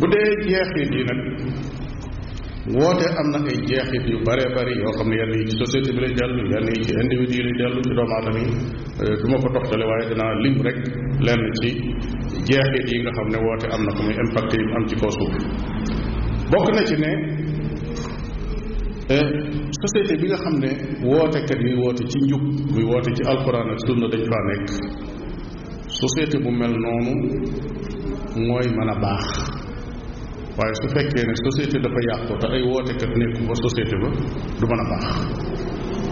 bu dee jeexit yi nag woote am na ay jeexit yu bare bari yoo xam ne yenn yi ci société bi lay dellu yenn yi ci individu yi lay dellu ci doomu aadama yi euh, du ma ko toxtale waaye danaa lim rek lenn ci jeexit yi nga xam ne woote am na ko muy impact am ci kaw bokk na ci ne euh, société bi nga xam ne wootekat yi woote ci njub muy woote ci alxuraan ak sunna dañ faa nekk société bu mel noonu mooy mën a baax waaye su fekkee ne société dafa yàqu te ay wootekat nekku ba société ba du mën a baax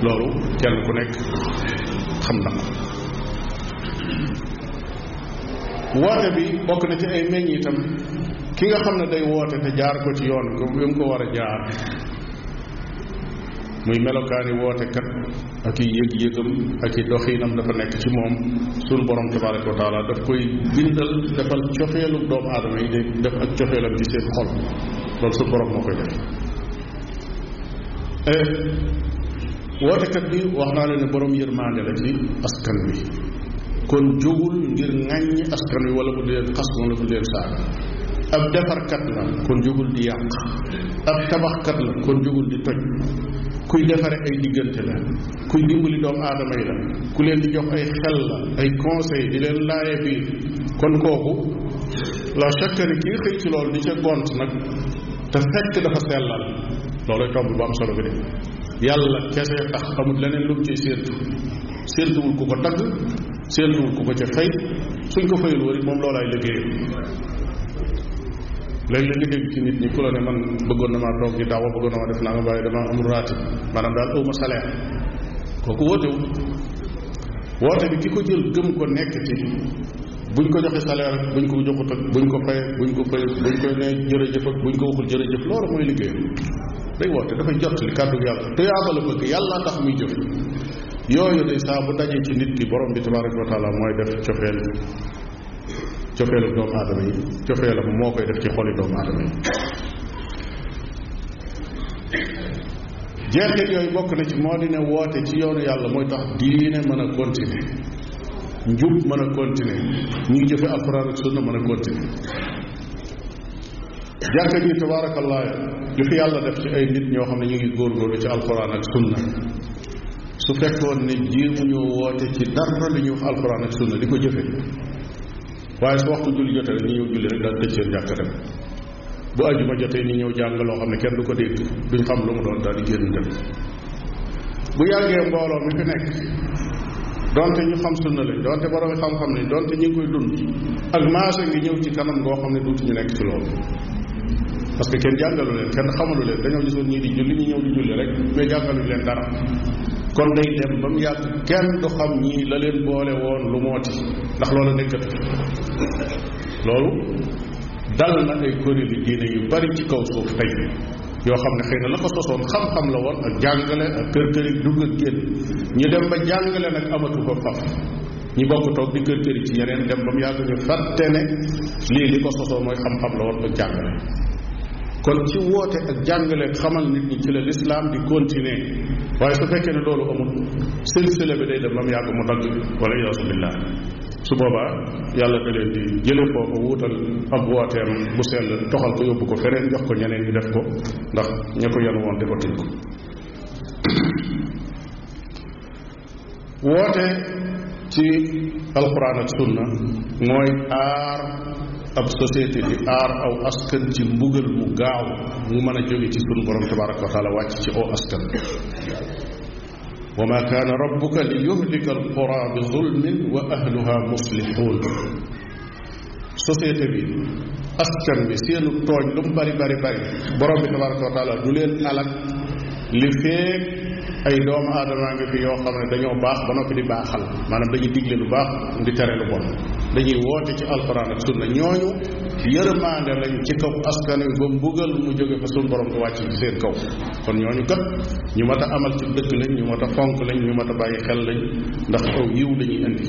loolu kenn ku nekk xam na ko woote bi bokk na ci ay meññ itam ki nga xam ne day woote te jaar ko ci yoon ko bi mu ko war a jaar muy melokaani wootekat ak i yëg-yëgam ak i doxiinam dafa nekk ci moom suñu borom tabaraka wa taala daf koy bindal defal cofeelu doomu adama yi def ak cofeelam ci seen xol loolu suñu borom moo koy def eh, wootekat bi wax naa leen ne borom yërmaande la ci askan wi kon jógul ngir ŋàññi askan wi wala bu di leen xas wala bu di leen saaga ab defarkat la kon jógul di yàq ab tabaxkat la kon jógul di toj kuy defaree ay diggante la kuy dimbali doomu aadama yi la ku leen di jox ay xel la ay conseil di leen laaye biir kon kooku la chaque ne kii xëy ci loolu di ca gont nag te fekk dafa sellal loolay tomb bu am solo bi de yàlla kese tax amul leneen lu mu ciy séentu séentuwul ku ko tagg séentuwul ku ko ca fay suñ ko fayul wari moom loolaay liggéeyam léegi la liggéey ci nit ñi ku la ne man bëggoon na maa toog di daawa bëggoon na maa def naa nga waaye damaa amul raati maanaam daal awma salaire kooku wootewu woote bi ki ko jël gëm ko nekk ci buñ ko joxe salaire buñ ko joxut bu buñ ko fay buñ ko fay buñ koy ne jërëjëf ak buñ ko waxul jërëjëf loolu mooy liggéeyam day woote dafay jot li kàddu yàlla tuyaaba la bëgg yàlla tax muy jëf yooyu day saa bu dajee ci nit ki borom bi tabaraka wa taala mooy def cofeel cofeelu doomu aadama yi la moo koy def ci xoli doomu aadama yi jeexit yooyu bokk na ci moo di ne woote ci yoonu yàlla mooy tax diine mën a continuer njub mën a continuer ñu ngi jëfe alxuraan ak sunna mën a continuer jàkka ji tabaarakallaa li fi def ci ay nit ñoo xam ne ñu ngi góorgóorlu ci alxuraan ak sunna su fekkoon ne jéemuñoo woote ci dara li ñuy wax alxuraan ak sunna di ko jëfe waaye su waxtu julli jote rek ñu ñëw julli rek daal tëj seen jàkk dem bu àjjuma jotee ñu ñëw jàng loo xam ne kenn du ko dégg duñ xam lu mu doon daal di génn dem bu yàggee mbooloo mi fi nekk donte ñu xam sunna lañ donte borom xam-xam ne donte ñu ngi koy dund ak maase ngi ñëw ci kanam ngoo xam ne duutu ñu nekk ci loolu parce que kenn jàngalu leen kenn xamalu leen dañoo gisoon ñii di julli ñu ñëw di julli rek mais jàngaluñ leen dara kon day dem ba mu yàgg kenn du xam ñii la leen boole woon lu moo mooti ndax loolu nekkatu loolu dal na ay kuréeli diine yu bari ci kaw suuf tey yoo xam ne xëy na la ko sosoon xam-xam la woon ak jàngale ak kër këri dugg ak génn ñu dem ba jàngale nag amatu ko faf ñi bokk toog bi kër këri ci yeneen dem ba mu yàgg ñu fàtte ne lii li ko sosoo mooy xam-xam la woon ak jàngale kon ci woote ak jàngale xamal nit ñi ci la lislaam di continuer waaye su fekkee ne loolu amul silsila bi day dem ba mu yàgg mu dagg wala iyaasu billah su boobaa yàlla da leen di jële foofu wuutal ab wooteem bu sell toxal ko yóbbu ko feneen jox ko ñeneen ñu def ko ndax ña ko yenu woon defatuñ ko woote ci alquran ak sunna mooy aar ab société di aar aw askan ci mbugal mu gaaw mu mën a jóge ci sunu borom tabaraka wa taala wàcc ci aw askan wa ma kaana rabbuka li yuhlika alqura bi zulmin wa ahluha muslixuun société bi askan bi seenu tooñ lu mu bari bari borom bi tabaraka wa taala du leen alak li feeg ay doomu adam ngi fi yoo xam ne dañoo baax ba noppi di baaxal maanaam dañuy digle lu baax di tere lu bon dañuy woote ci alquran ak sunna ñooñu yërmaande lañ ci kaw askan wi ba mbugal mu jóge fa suñu borom ku wàcc ci seen kaw kon ñooñu kat ñu mat a amal ci dëkk lañ ñu mat a fonk lañ ñu mat a bàyyi xel lañ ndax aw yiw lañuy indi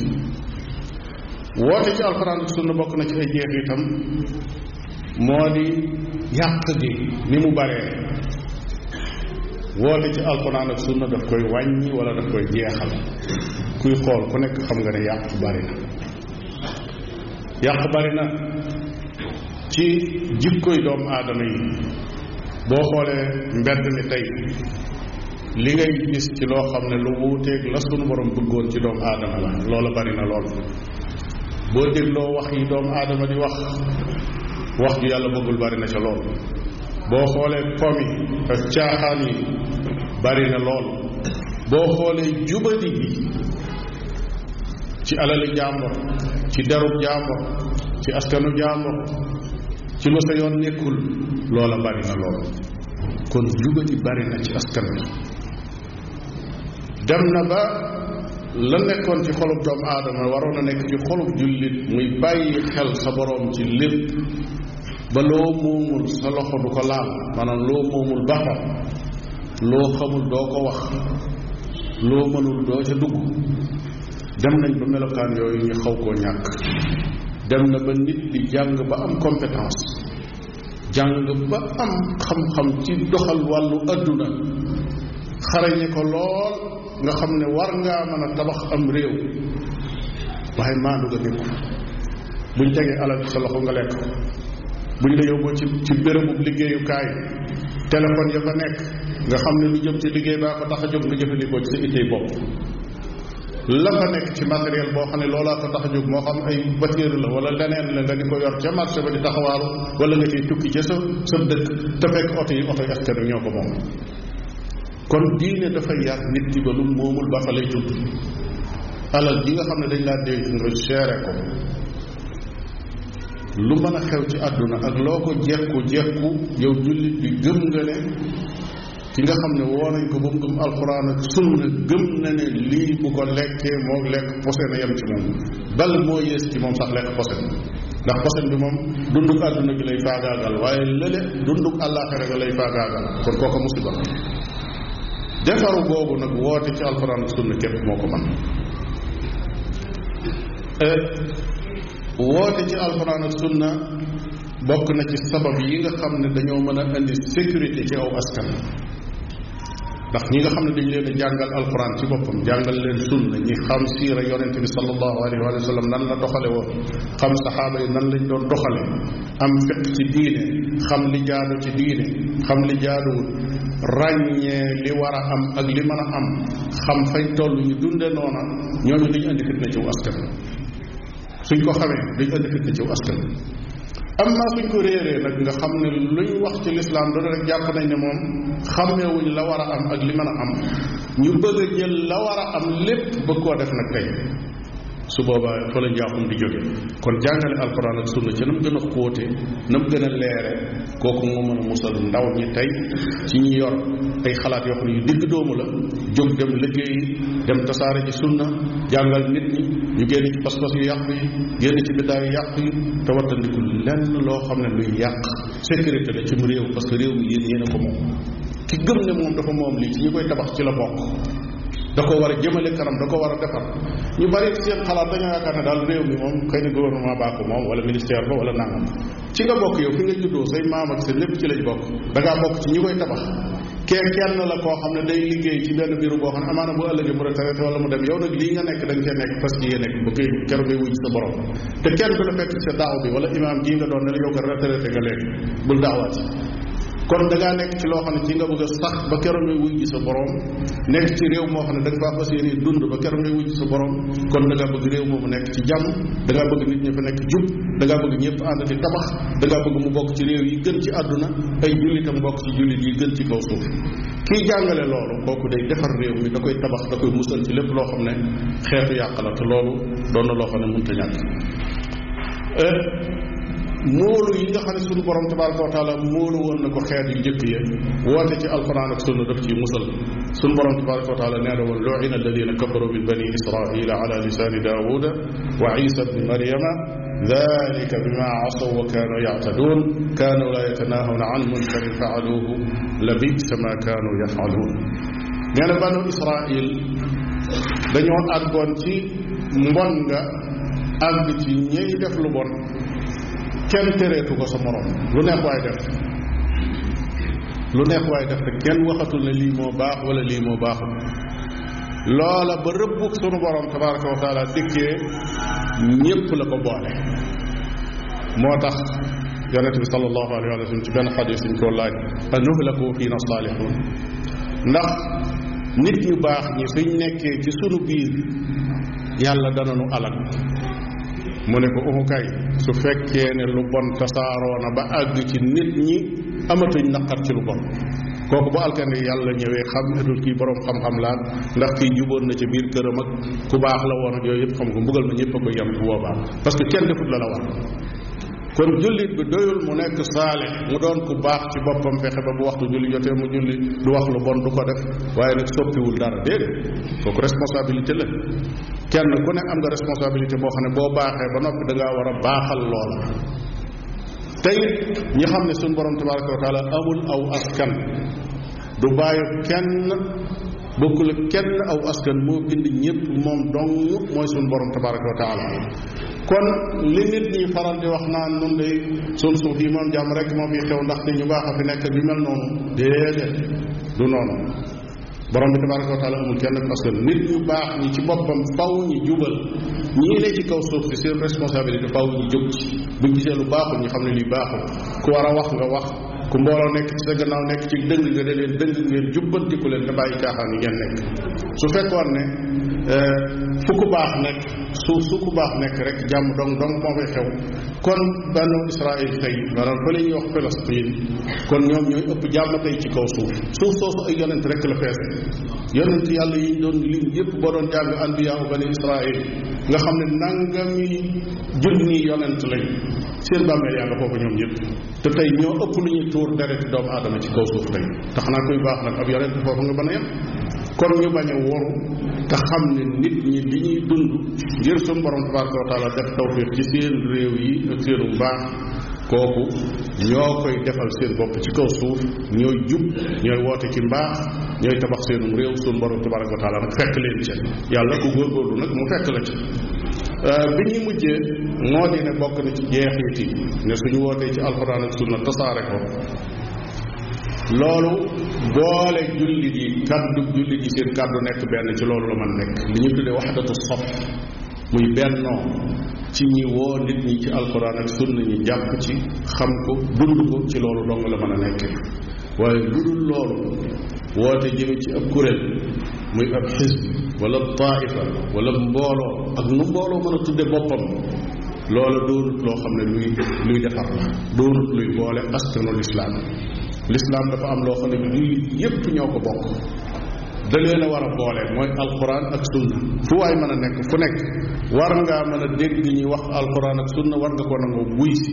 woote ci alquran ak sunna bokk na ci ay jeex itam moo di yàq gi ni mu baree woote ci alquran ak sunna daf koy wàññi wala daf koy jeexal kuy xool ku nekk xam nga ne yàq bari na yàq bari na ci jikkoy doomu aadama yi boo xoolee mbedd mi tey li ngay gis ci loo xam ne lu wuuteeg la sunu borom bëggoon ci doomu aadama la loola bari na lool boo dégloo wax yi doomu aadama di wax wax ju yàlla bëggul bari na ca lool boo xoolee pom yi ak caaxaan yi bari na lool boo xoolee jubadi gi ci alali jàmbur ci derub jaambur ci askanu jaambur ci lu sa yoon nekkul loola bari na kon jubati bari na ci askan wi dem na ba la nekkoon ci xolub doomu aadama waroon a nekk ci xolub jullit muy bàyyi xel sa boroom ci lépp ba loo moomul sa loxo du ko laal maanaam loo moomul baax loo xamul doo ko wax loo mënul doo ca dugg dem nañ ba melokaan yooyu ñu xaw koo ñàkk dem na ba nit di jàng ba am compétence jàng ba am xam-xam ci doxal wàllu adduna xarañe ko lool nga xam ne war ngaa mën a tabax am réew waaye maandu nga nekku buñ tegee alal sa loxo nga lekk buñ la yóbboo ci ci bérébub liggéeyukaay téléphone ya fa nekk nga xam ne lu jëm ci liggéey baa ko tax a jóg nga jëfandikoo ci sa ittey bopp la fa nekk ci matériel boo xam ne loolaa ko tax a jóg moo xam ay batiir la wala leneen la nga di ko yor ca marché ba di taxawaal wala nga ciy tukki ca sa sa dëkk te fekk oto yi oto yi askan ñoo ko moom kon diine dafay yar nit ci ba lu moomul ba fa lay tudd alal ji nga xam ne dañ laa dénk nga seere ko lu mën a xew ci àdduna ak loo ko jekku jekku yow jullit bi gëm nga ne ki nga xam ne woo nañ ko ba mu gëm alquran ak sunna gëm na ne lii bu ko lekkee moom lekk posen a yem ci moom bal moo yées ci moom sax lekk posen ndax posen bi moom dunduk àdduna gi lay faagaagal waaye lële dunduk àllaaxira ga lay faagaagal kon kooka musiba defaru boobu nag woote ci alquran ak sunna képp moo ko man eh, woote ci alquran ak sunna bokk na ci sabab yi nga xam ne dañoo mën a indi sécurité ci aw askan ndax ñi nga xam ne dañ leen a jàngal alquran ci boppam jàngal leen sunna ñi xam siira yonent bi sallallahu alayhi wa nan la doxale woon xam saxaaba yi nan lañ doon doxale am fiq ci diine xam li jaadu ci diine xam li jaaduwul ràññee li war a am ak li mën a am xam fañ toll ñu dunde noona ñooñu dañu andi fitna ciw askan suñ ko xamee dañu andi fitna ciw askan am naa suñ ko réeree nag nga xam ne luñ wax ci lislaam doon rek jàpp nañ ne moom xàmmeewuñ la war a am ak li mën a am ñu bëgg a jël la war a am lépp bëgg koo def nag tey su boobaa fa la njaaxum di jóge kon jàngale alxuraan ak sunna ci na mu gën a xóote na mu gën a leere kooku moo mën a musal ndaw ñi tey ci ñu yor ay xalaat yoo yu digg doomu la jóg dem liggéey dem tasaare ci sunna jàngal nit ñi ñu génn ci pas-pas yu yàq yi génn ci biddaa yu yàq yi te wattandiku lenn loo xam ne luy yàq sécurité la ci mu réew parce que réew mi yéen yéen a ko moom ki gëm ne moom dafa moom lii ci ñu koy tabax ci la bokk da ko war a jëmale kanam da ko war a defar ñu bari seen xalaat dañoo yaakaar ne daal réew mi moom xëy na gouvernement baa ko moom wala ministère ba wala nangam ci nga bokk yow lépp ci lañ bokk da bokk ci ñi koy tabax kee kenn xam ne day liggéey ci benn biiru boo xam amaana bu ëllëgee mu retraité wala mu dem yow nag lii nga nekk da nga cee nekk parce que yéen nekk ba koy keroog ngay wuj sa borom te kenn du la fekk sa daaw bi wala imaam gii nga doon ne la yow nga léegi bul daawaati kon da nekk ci loo xam ne ci nga bëgg a sax ba keroog ngay sa borom nekk ci réew moo xam ne da nga faa fas yéene dund ba keroog ngay wuy ji sa borom kon da ngaa bëgg réew moomu nekk ci jàmm da bëgg nit ñi fa nekk jub da ngaa bëgg ñëpp ànd di tabax da ngaa bëgg mu bokk ci réew yi gën ci àdduna ay jullitam bokk ci jullit yi gën ci kaw suuf kii jàngale loolu kooku day defar réew mi da koy tabax da koy musal ci lépp loo xam ne xeetu yàq la te loolu doon na loo xam ne mënta moolu yi nga xam ne suñu borom tabaraka wa taala moolu woon na ko xeet yu njëkk ya woote ci alquran ak sunna daf ciy musal suñu borom tabaraka wa taala nee na woon luina alladina kafaru min bani israila ala lisani daawuda wa isa bni maryama dalika bima asaw wa kaanu yactaduun kaanu la yatanaahawna an munkarin faaluuhu la bisa ma kaanu yafaluun nee na banu israil dañoo àggoon ci mbon nga àgg ci ñey def lu bon kenn tereetu ko sa moroom lu neex waay def lu neex waay def te kenn waxatul ne lii moo baax wala lii moo baaxul loola ba rëbbuk sunu borom tabaraka wa taala dikkee ñépp la ko boole moo tax yonent bi sallallahu alayhi wa sallam ci benn xadis ñu ko laaj a nuhlaku na saalihun ndax nit ñu baax ñi suñ nekkee ci sunu biir yàlla dana nu alal mu ne ko uhu kay su fekkee ne lu bon tasaaroo na ba àgg ci nit ñi amatuñ naqar ci lu bon kooku bu alkande yàlla ñëwee xam etul kii borom xam-xam laa ndax kii juboon na ci biir këram ak ku baax la woon ak yooyu yëpp xam ko mbugal ma ñëpp a ko yem bu boobaa parce que kenn defut la la war kon jullit bi doyul mu nekk saale mu doon ku baax ci boppam fexe ba bu waxtu julli jotee mu julli du wax lu bon du ko def waaye nag soppiwul dara déedéet kooku responsabilité la kenn ku ne am nga responsabilité boo xam ne boo baaxee ba noppi da ngaa war a baaxal lool tey ñi xam ne suñ boroom tabaraka wa taala amul aw askan du bàyyi kenn bokkul la kenn aw askan moo bind ñëpp moom dong mooy suñu borom tabaraka wa taala kon li nit ñi faral di wax naa nun de sun suuf yi moom jàmm rekk moom yi xew ndax ñu baax a fi nekk bi mel noonu déedéet du noonu borom bi tabaraka wa taala amul kenn ak askan nit ñu baax ñi ci boppam faw ñi jubal ñii ne ci kaw suuf si seen responsabilité faw ñu jóg ci buñ gisee lu baaxul ñu xam ne lii baaxul ku war a wax nga wax ku mbooloo nekk ci sa gannaaw nekk ci dëng nga de leen dëng ngeen jubbantiku leen te bàyyi caaxaan yi ngeen nekk su fekkoon ne eh, fu ku baax nekk su ku baax nekk rek jàmm dong dong moo fay xew kon banu Israël tey maanaam fa la ci kaw suuf suuf soosu ay yonent rek la fees yonent yàlla yi doon lim yépp boo doon jàng anbiyaa bani Israël nga xam ne nangami junni yonent lañ seen bàmmeel yaa nga foofu ñoom ñëpp te tey ñoo ëpp lu ñuy tuur dereti doomu aadama ci kaw suuf tey te xanaa kuy baax nag ab yonent foofu nga mën a kon ñu bañ a woru te xam ne nit ñi li ñuy dund ngir suñu borom tabaraka wa def tawfiq ci réew yi ak seenu kooku ñoo koy defal seen bopp ci kaw suuf ñooy jub ñooy woote ci mbaax ñooy tabax seenum réew suñu borom tabaraka wa taala nag fekk leen ca yàlla ku góorgóorlu nag mu fekk la ca Euh, bi ñuy mujjee moo di ne bokk na ci jeexit yi ne ñu wootee ci alxuraan ak sunna tasaare ko loolu boole jullit yi kàddu jullit yi seen kàddu nekk benn ci loolu la man nekk li ñu tuddee waxdatu sof muy bennoo ci ñi woo nit ñi ci alxuraan ak sunna ñu jàpp ci xam ko dund ko ci loolu dong la mën a nekk waaye lu dul loolu woote jëme ci ak kuréel muy ab xisb wala taaifa wala mbooloo ak nu mbooloo mën a tudde boppam loola doonut loo xam ne luy luy defar la doonut luy boole askanu lislaam lislaam dafa am loo xam ne jullit yépp ñoo ko bokk da leen a war a boole mooy alquran ak sunna fu waay mën a nekk fu nekk war ngaa mën a dégg ñuy wax alquran ak sunna war nga ko nangoo buy si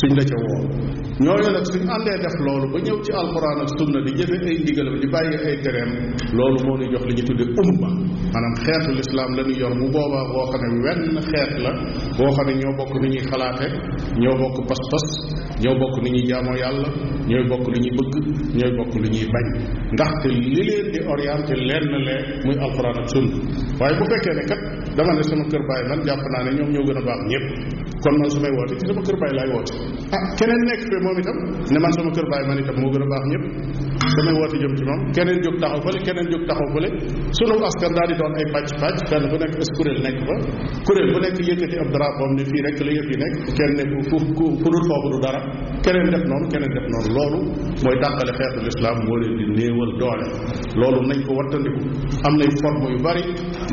suñ la ca woo ñooñu nag suñ àndee def loolu ba ñëw ci alquran ak sunna di jëfe ay ndigalam di bàyyi ay tereem loolu moo ñuy jox li ñu tuddee umma maanaam xeetu lislaam la ñu yor bu boobaa boo xam ne wenn xeet la boo xam ne ñoo bokk ni ñuy xalaate ñoo bokk pas-pas ñoo bokk lu ñuy jaamoo yàlla ñooy bokk lu ñuy bëgg ñooy bokk lu ñuy bañ ndaxte li leen di orienté lenn lee muy alxuraan ak sunna waaye bu fekkee ne kat dama ne sama kër baay man jàpp naa ne ñoom ñoo gën a baax ñëpp kon man su may woote ci sama kër baay laay woote ah keneen nekk fe moom itam ne man sama kër baay man itam moo gën a baax ñëpp damay woote jëm ci moom keneen jóg taxaw fële keneen jóg taxaw fële sunu askan daal di doon ay pàcc pàcc fenn bu nekk as kuréel nekk fa kuréel bu nekk yëkkati ab drapeau am ne fii rek la yëf yi nekk kenn ne fu fu dul foofu du dara keneen def noonu keneen def noonu loolu mooy dàqale xeetu lislaam moo leen di néewal doole loolu nañ ko wattandiku am nay forme yu bari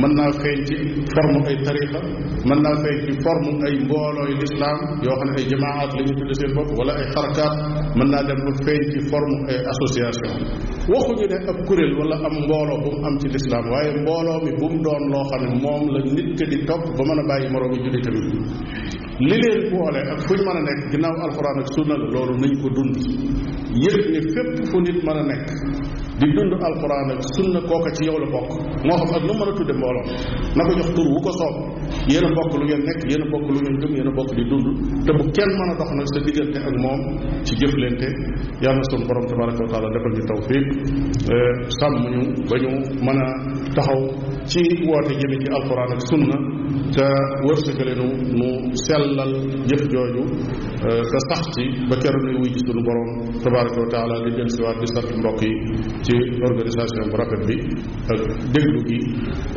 mën naa feeñ ci forme ay tarixa mën naa feeñ ci forme ay mboolooy lislaam yoo xam ne ay jamaat la ñu tudde seen bopp wala ay xarakaat mën naa dem ba feeñ ci forme waxuñu ne ab kuréel walla am mbooloo bu mu am ci lislaam waaye mbooloo mi bu mu doon loo xam ne moom la nit ki di topp ba mën a bàyyi moroomi jullitam yi li leen boole ak fu ñu mën a nekk ginnaaw alxuraan ak sunna la loolu nañ ko dund yëg ne fépp fu nit mën a nekk di dund alquran ak sunna kooka ci yow la bokk moo xam ak lu mën a tudde mbooloo na ko jox tur wu ko soob yéen bokk lu ngeen nekk yéen a bokk lu ngeen gëm yéen a bokk di dund te bu kenn mën a dox nag sa diggante ak moom ci jëflante yàlla na sunu borom tabaraka wa taala defal ñu tawfiq eh, sàmm ñu ba ñu man a taxaw ci woote jëme ci alquran ak sunna te wërsëgale nu mu sellal jëf jooju euh, te sax ci ba keroog nuy wuy ci sunu borom tabaraka wa taala li del siwaat di sant mbokk yi ci organisation bu rafet bi ak déglu gi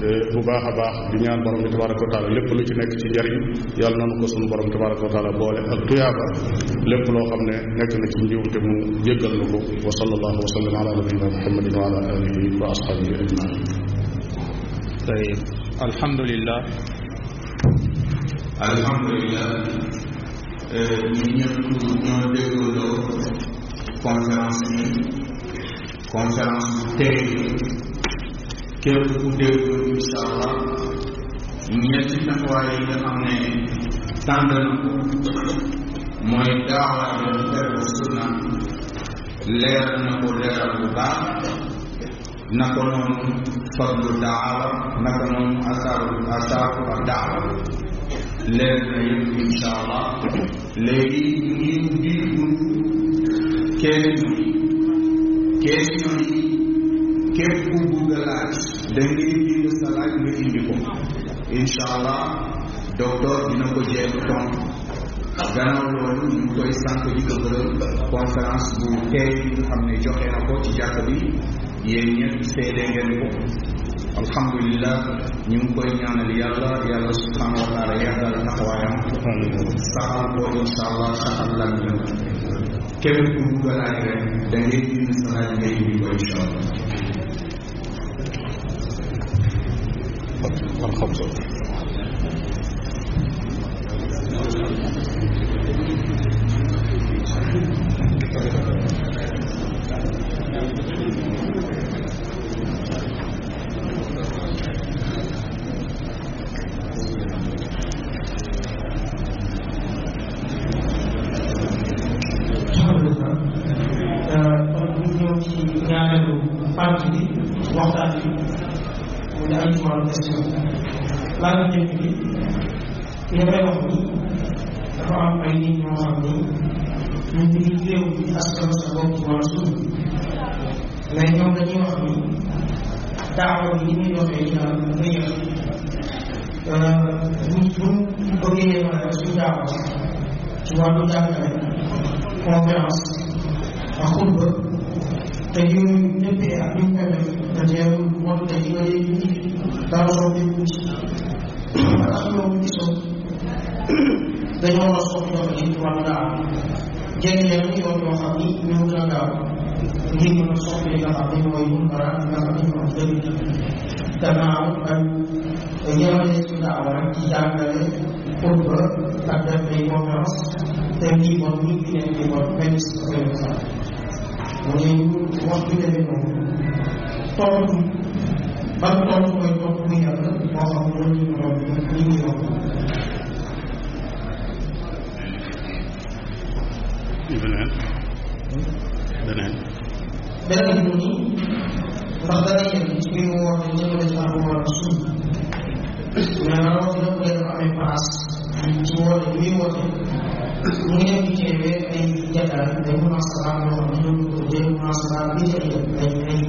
euh, bu baax a baax di ñaan borom bi tabaraka wa taala lépp lu ci nekk ci njariñ yàlla na nanu ko sunu borom tabaraka wa taala boole ak tuyaaba lépp loo xam ne nekk na ci njiwte mu jéggal na ko wa sallallahu wa sallam ala nabiyina muhammadin wa wa ashabihi ajmain طيب الحمد لله الحمد لله ñun ñëpp ñoo dégguloo conférence bi conférence bu ku déglu incha allah ñetti taxawaay yi nga ne tànn mooy daawa dem leeral sunna leeral na ko bu baax naka noonu fadlu daawa naka noonu asaaru leer na yëpp insha allah léegi ngir biir bu question yi question yi képp ku bugg a laaj da ngay bind sa laaj nga indi ko insha di ko gërëm bu tey ñu joxe na ko bi yéen ñëpp seede ngeen ko alhamdulilah ñu ngi koy ñaanal yàlla yàlla subhanahu wa taala yàggal taxawaayam saxal ko insha allah saxal lan ñu képp ku dugg laaj rek da ngay bind sa laaj ngay indi ko insha allah daaw bi ni muy doxee itam dafa yëg buñ buñ bëggee maanaam suñu daaw ci wàllu jàngale conférence ak xutba te yooyu ñëpp ak ñu ko def da cee motu te ci yooyu ñu ci dara soo dee ñu ci ndax ñoom gisoo dañoo war a soppi dox ci wàllu daaw jénn yenn yoon yoo xam ni ñoo gën a gaaw ngir mën a soppi nga xam ni mooy mën a nga xam ni jëm gannaaw ak yemale suñu daaw rek ci jàngale xutba ak def ay conférence te lii moom ñu ngi leen di moom benn situation sax mu ne wax bi demee noonu tontu ban tontu mooy tontu bu yàlla moo xam loolu ñu doon ñu ngi yokk beneen beneen beneen mu ni ndax dana yem ci biir woote jëmale ci alquran sunna mais rawatina bu leen amee place ci woote bi muy woote ñu ngi dem di teewee ay jataay ay munasaraat yoo xam ne ñoom ñu ko jël munasaraat bi ay ay ay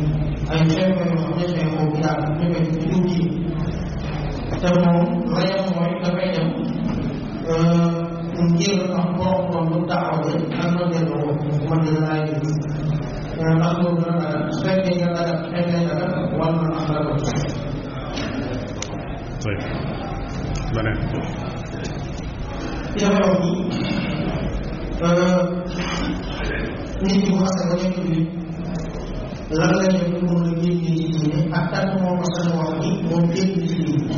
ay xew yoo xam ne xew bi daal ñu koy dugg ci te moom la yem mooy dafay dem ngir am borom borom bu taxawee ak ma delloo ma delloo maanaam nga fekkee nga daga fekkee nga daga war na am daga beneen yow nit ñi wax sa nekk bi lan la ñu mën a génne ci diine ak tànn moo ko sañ wax ni moom génn ci diine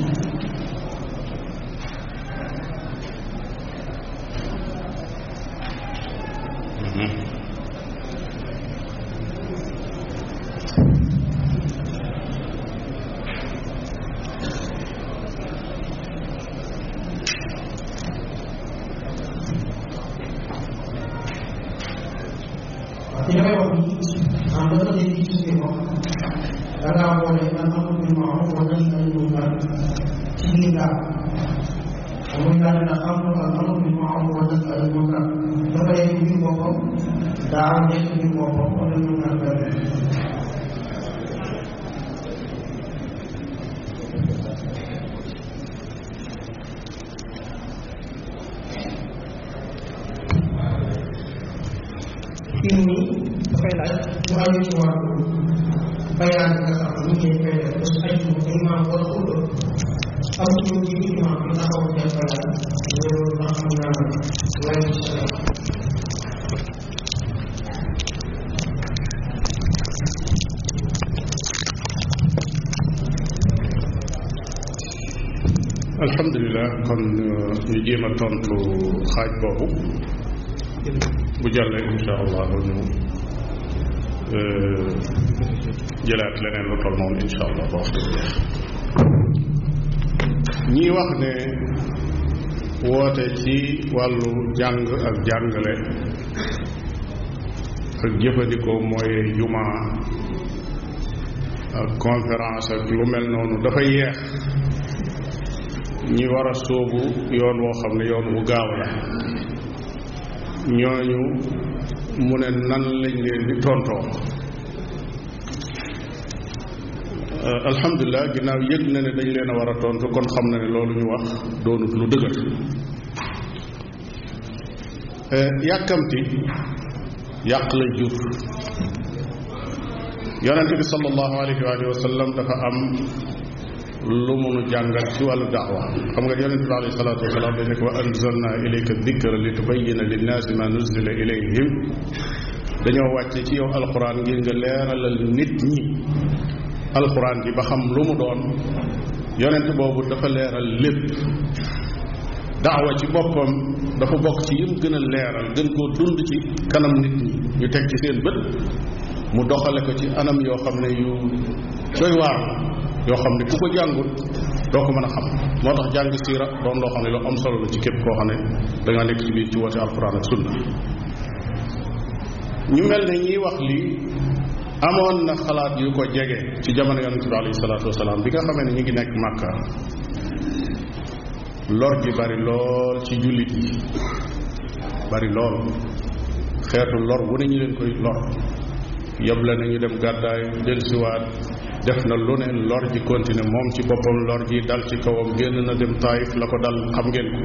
te li may wax nii en même temps dañuy gis ne wax da ngaa boole man amul mbir ma wax wala ñu ay ñoom daal ci biir daal amul daal dina xam ne man amul mbir ma wax wala ñu ay ñoom daal dafa yegg mbir boppam daa am yegg mbir boppam wala ñu naan benn boobu bu jàllee insha allah ñu euh, jëlaat leneen lu toll noonu insha allah ba waxtu jeex ñii wax ne woote ci wàllu jàng ak jàngale ak jëfandikoo mooy jumaa ak conférence ak lu mel noonu dafa yeex ñi war a sóobu yoon woo xam ne yoon wu gaaw la ñooñu mu ne nan lañ leen di tontoo euh, alhamdulilah ginnaaw yëg na ne dañ leen war a tontu kon xam na ne loolu ñu wax doonut lu dëgër euh, yàkkamti yàq la jur yonent bi sallallahu alayhi wa sallam dafa am lu munu jàngal ci wàllu daawa xam nga yonente bi alayhi salaatu wasalaam dañ ne ko wa anzalna ilayka dikra li tubayina linnaasi ma nuzila ilayhim dañoo wàcce ci yow alquran ngir nga leeralal nit ñi alquran bi ba xam lu mu doon yonent boobu dafa leeral lépp daawa ci boppam dafa bokk ci yim gën a leeral gën koo dund ci kanam nit ñi ñu teg ci seen bët mu doxale ko ci anam yoo xam ne yu doy waar yoo xam ne ku ko jàngul doo ko mën a xam moo tax jàng siira doon loo xam ne lu am solo la ci képp koo xam ne danga nekk ci biir ci woote alquran ak sunna ñu mel ne ñiy wax li amoon na xalaat yu ko jege ci jamono yonente bi alayhi salaatu wasalaam bi nga xamee ne ñu ngi nekk màkka lor gi bari lool ci jullit yi bari lool xeetu lor wu ne ñu leen koy lor yab la nañu dem gàddaay dellusiwaat def na lu ne lor ji continué moom ci boppam lor ji dal ci kawam génn na dem taayif la ko dal xam ngeen ko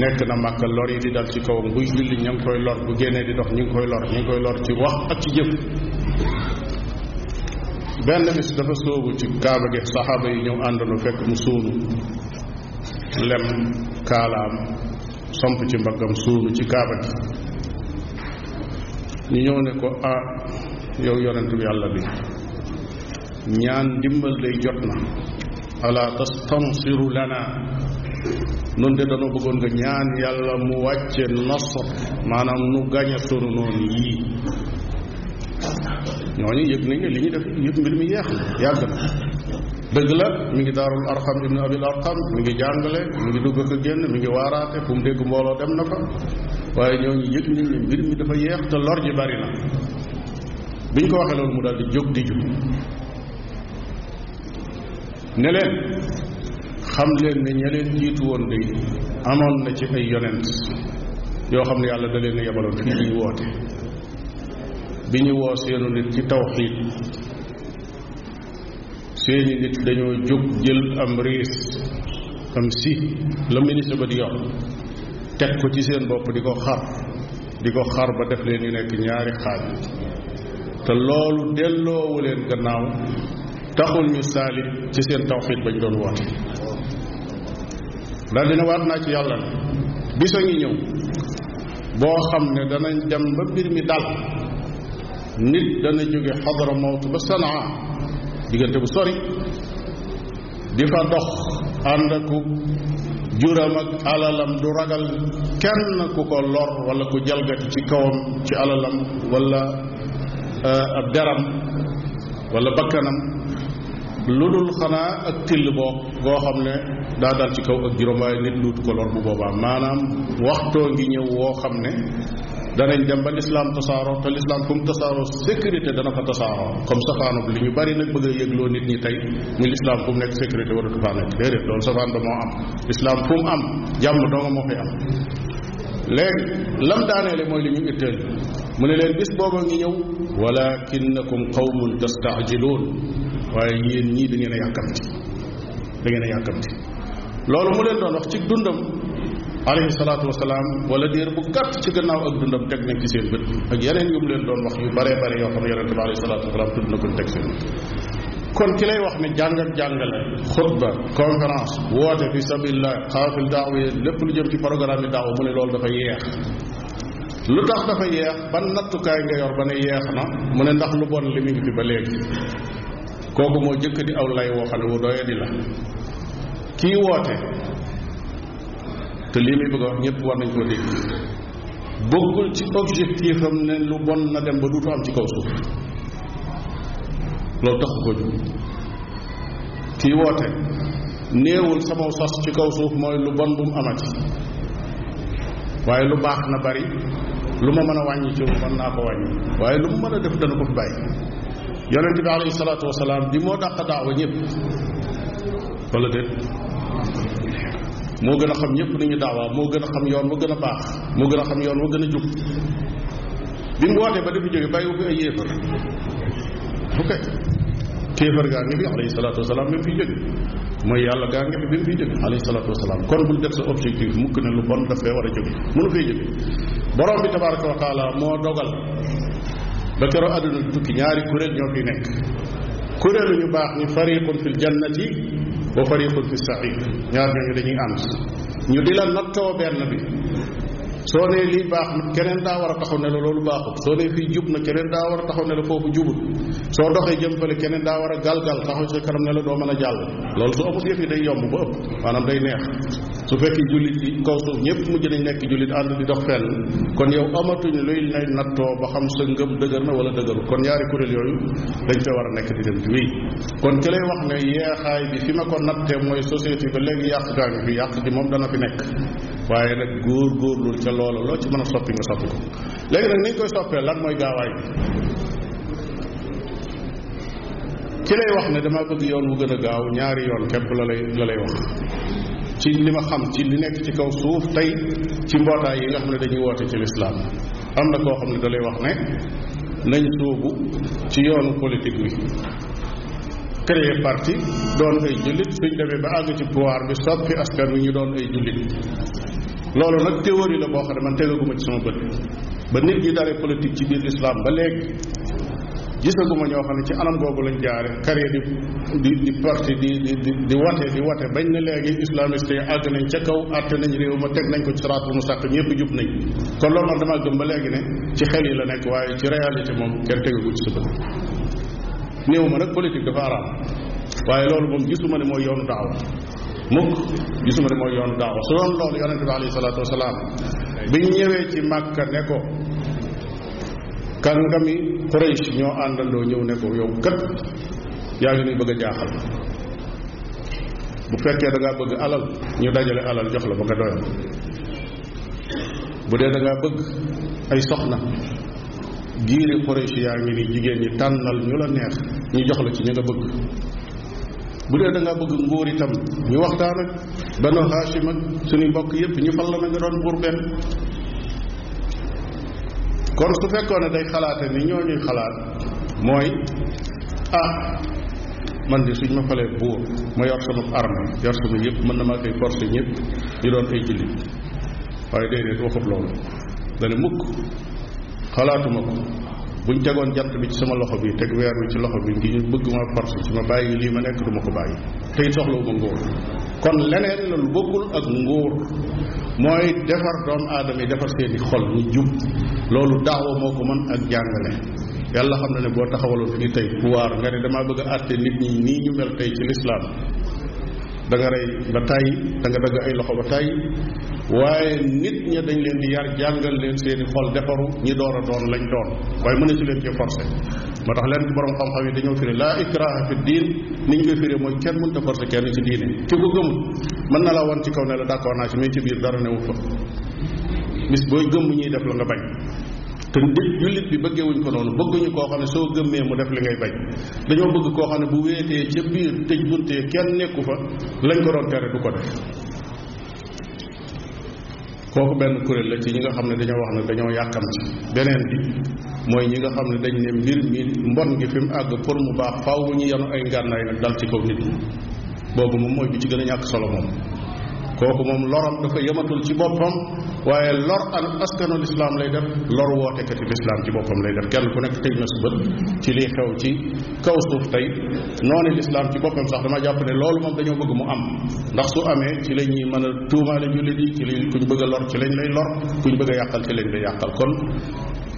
nekk na màkka lor yi di dal ci kawam buy julli ña ngi koy lor bu génnee di dox ñi ngi koy lor ngi koy lor ci wax ak ci jëf benn bis dafa sóobu ci kaaba gi saxaaba yi ñëw àndoon fekk mu suunu lem kaalaam somp ci mbaggam suunu ci kaaba gi ñu ñëw ne ko ah yow yonentu yàlla bi ñaan ndimbal day jot na ala tastansiru lana nun de danoo bëggoon nga ñaan yàlla mu wàcce nasr maanaam nu gañe sunu noonu yii ñooñu yëg nañ li ñu def yëg mbir mi yeex yàgg na dëgg la mu ngi daarul arqam ibn abil arqam mi ngi jàngale mi ngi dugg ak a génn mi ngi waaraate fu mu dégg mbooloo dem na fa waaye ñooñu yëg nañ mbir mi dafa yeex te lor ji bari na biñ ko waxee loolu mu daal di jóg di ju ne leen xam leen ne ña leen jiitu woon day amoon na ci ay yonent yoo xam ne yàlla da leen a yebaloon fii ñuy woote bi ñuy woo seenu nit ci tawxiid seeni nit dañoo jóg jël am riis am si la ministre ba di yor teg ko ci seen bopp di ko xar di ko xar ba def leen yu nekk ñaari xaaj te loolu delloowu leen gannaaw taxul ñu saalit ci seen tawxiid bañ doon woote daal dina waat naa ci yàlla bis a ngi ñëw boo xam ne danañ dem ba mbir mi dal nit dana jóge xadra mawt ba sanaa diggante bu sori di fa dox ànd aku juram ak alalam du ragal kenn ku ko lor walla ku jalgati ci kawam ci alalam walla euh, ab deram wala bakkanam lu dul xanaa ak till boo goo xam ne daa dal ci kaw ak juróom waaye nit luut ko lor bu boobaa maanaam waxtoo ngi ñëw woo xam ne danañ dem ba lislaam tasaaroo te lislaam comme tasaaroo sécurité dana fa tasaaroo comme safaanub li ñu bari nag bëgg a yëgloo nit ñi tey muy lislaam fu mu nekk sécurité waratu faa nekk déedéet loolu safaan ba moo am lislaam fu mu am jàmm doo nga moo fay am léegi lam daaneele mooy li ñu itteel mu ne leen bis booba ngi ñëw walakinakum qawmun waaye yéen ñii da ngeen a yàkkamti da ngeen a yàkkamti loolu mu leen doon wax ci dundam alayhi salaatu wasalaam wala diir bu gàtt ci gannaaw ak dundam teg nañ ci seen bët ak yeneen yu mu leen doon wax yu baree bare yoo xam ne yonente bi alayhi na ko teg kon ki lay wax ne jàngal jàngale xutba conférence woote fi sabilillah xaafil daaw yi lépp lu jëm ci programme yi daaw mu loolu dafa yeex lu tax dafa yeex ban nattukaay nga yor ba ne yeex na mu ne ndax lu bon li mu ngi fi ba léegi kooku moo jëkk di aw lay woo xam ne wu doye di la kii woote te lii muy bëgg a wax war nañ koo dégg bokkul ci objectif am ne lu bon na dem ba duutu am ci kaw suuf loolu taxu ko jug kii woote néewul sama sos ci kaw suuf mooy lu bon bu mu amati waaye lu baax na bari lu ma mën a wàññi ci lu mën naa ko wàññi waaye lu mu mën a def dana ko fi bàyyi yonent bi alayhi salaatu wasalaam di moo dàq daawa ñëpp wala déet moo gën a xam ñëpp ni ñu daawaa moo gën a xam yoon wa gën a baax moo gën a xam yoon moo gën a jub bi mu wootee ba dafa jógee bàyyiwu ko ay yéefar ok kéefar gaa ngi fi alayhi salaatu wasalaam bi mu fiy jóge mooy yàlla gaa ngi fi bi mu fiy jóge alayhi salaatu wasalaam kon bul def sa objectif mukk ne lu bon daf fee war a jóge mënu fee jóge borom bi tabaraka wa taala moo dogal ba keroog àdduna bi tukki ñaari kuréel ñoo fi nekk kuréelu ñu baax ñi fariqun fil jannati wa fariqun fi sair ñaar ñooñu dañuy ànd ñu di la nattoo benn bi soo nee lii baax na keneen daa war a taxaw ne la loolu baaxut soo nee fii jub na keneen daa war a taxaw ne la foofu jubut soo doxee jëm keneen daa war a galgal taxaw sa kanam ne la doo mën a jàll loolu soo amut yëf yi day yomb ba ëpp maanaam day neex su fekkee jullit yi kaw suuf ñëpp mujj nañ nekk jullit ànd di dox fenn kon yow amatuñ luy lay nattoo ba xam sa ngëm dëgër na wala dëgëru kon ñaari kurél yooyu dañ fee war a nekk di dem ci wii kon ki lay wax ne yeexaay bi fi ma ko nattee mooy société ba léegi yàq gaa ngi yàq ji moom dana fi nekk waaye nag góor góorlu ca loola loo ci mën a soppi nga soppi ko léegi nag ni ñu koy soppee lan mooy gaawaay bi ki lay wax ne dama bëgg yoon wu gën a gaaw ñaari yoon képp la lay la lay wax ci li ma xam ci li nekk ci kaw suuf tey ci mbootaay yi nga xam ne dañuy woote ci lislaam am na koo xam ne dalay wax ne nañ sóobu ci yoonu politique bi créer parti doon ay jullit suñ demee ba àgg ci pouvoir bi soppi askan wi ñu doon ay jullit loolu nag théorie la boo xam ne man tegaguma ci sama bët ba nit ñi dalee politique ci biir lislaam ba léegi gisaguma ñoo xam ne ci anam googu lañ jaare kare di di di parti di di di di wate bañ na léegi islamiste yi àgg nañ ca kaw àtte nañ réew ma teg nañ ko ci saraat bu mu sàq ñëpp jub nañ kon loolu man damaa gëm ba léegi ne ci xel yi la nekk waaye ci réalité moom kenn ci sa bët ma nag politique dafa araam waaye loolu moom gisuma ne mooy yoonu daawa mukk gisuma ne mooy yoonu daawa su doon loolu yonente bi alayhi salaatu wasalaam biñ ñëwee ci màkka ne ko kàngami Quraysh ñoo àndandoo ñëw ne ko yow kat yaa ngi nuy bëgg a jaaxal bu fekkee da bëgg alal ñu dajale alal jox la ba nga doyal bu dee da bëgg ay soxna giiri Quraysh yaa ngi ni jigéen ñi tànnal ñu la neex ñu jox la ci ñu nga bëgg bu dee da ngaa bëgg nguur itam ñu waxtaan ak Banu Haashim ak suñu mbokk yépp ñu fal la na nga doon buur kon su fekkoon ne day xalaate ni ñoo ñuy xalaat mooy ah man di suñ ma falee buur ma yor sama arme yor sama yëpp mën na maa koy forcé ñëpp ñu doon ay jullit waaye déedéet waxut loolu dana mukk xalaatuma ko buñ tegoon jant bi ci sama loxo bi teg weer wi ci loxo bi ngi ñu bëgg ma force ci ma bàyyi lii ma nekk du ma ko bàyyi tey soxlawuma nguur kon leneen la lu bokkul ak ngóor mooy defar doomu aadama yi defar seeni xol ñu jub loolu daawa moo ko mën ak jàngale yàlla xam na ne boo taxawaloon fii tey pouvoir nga ne damaa bëgg a àtte nit ñi nii ñu mel tey ci lislaam da nga rey ba tàyyi da nga dagg ay loxo ba tàyyi waaye nit ña dañ leen di yar jàngal leen seeni xol defaru ñi door a doon lañ doon waaye mën na ci leen cee forcé moo tax leen borom xam-xam yi dañoo firi laa ikraha fi diin ni ñu koy firi mooy kenn mënta forcé kenn ci diine ki ko gëmul mën na la wan ci kaw ne la d'accord naa ci mais ci biir dara newu fa bis booy gëm ñuy def la nga bañ te nit jullit bi bëggee ko noonu bëgguñu koo xam ne soo gëmmee mu def li ngay bañ dañoo bëgg koo xam ne bu wéetee ca biir tëj buntee kenn nekku fa lañ ko doon tere du ko def kooku benn kuréel la ci ñi nga xam ne dañoo wax ne dañoo yàkkam ci beneen bi mooy ñi nga xam ne dañ ne mbir mi mbon gi fi mu àgg pour mu baax faaw ñu yanu ay ngànnaay nag dal ci kaw nit ñi boobu moom mooy bi ci gën a ñàkk solo moom kooku moom loram dafa yëmatul ci boppam waaye lor an askanu lislaam lay def lor wootekati lislaam ci boppam lay def kenn ku nekk tëj na suba ci li xew ci kaw suuf tey noonu lislaam ci boppam sax dama jàpp ne loolu moom dañoo bëgg mu am ndax su amee ci la ñuy mën a tuumaale jullit yi ci lañ kuñ bëgg a lor ci lañ lay lor kuñ bëgg a yàqal ci lañ lay yàqal kon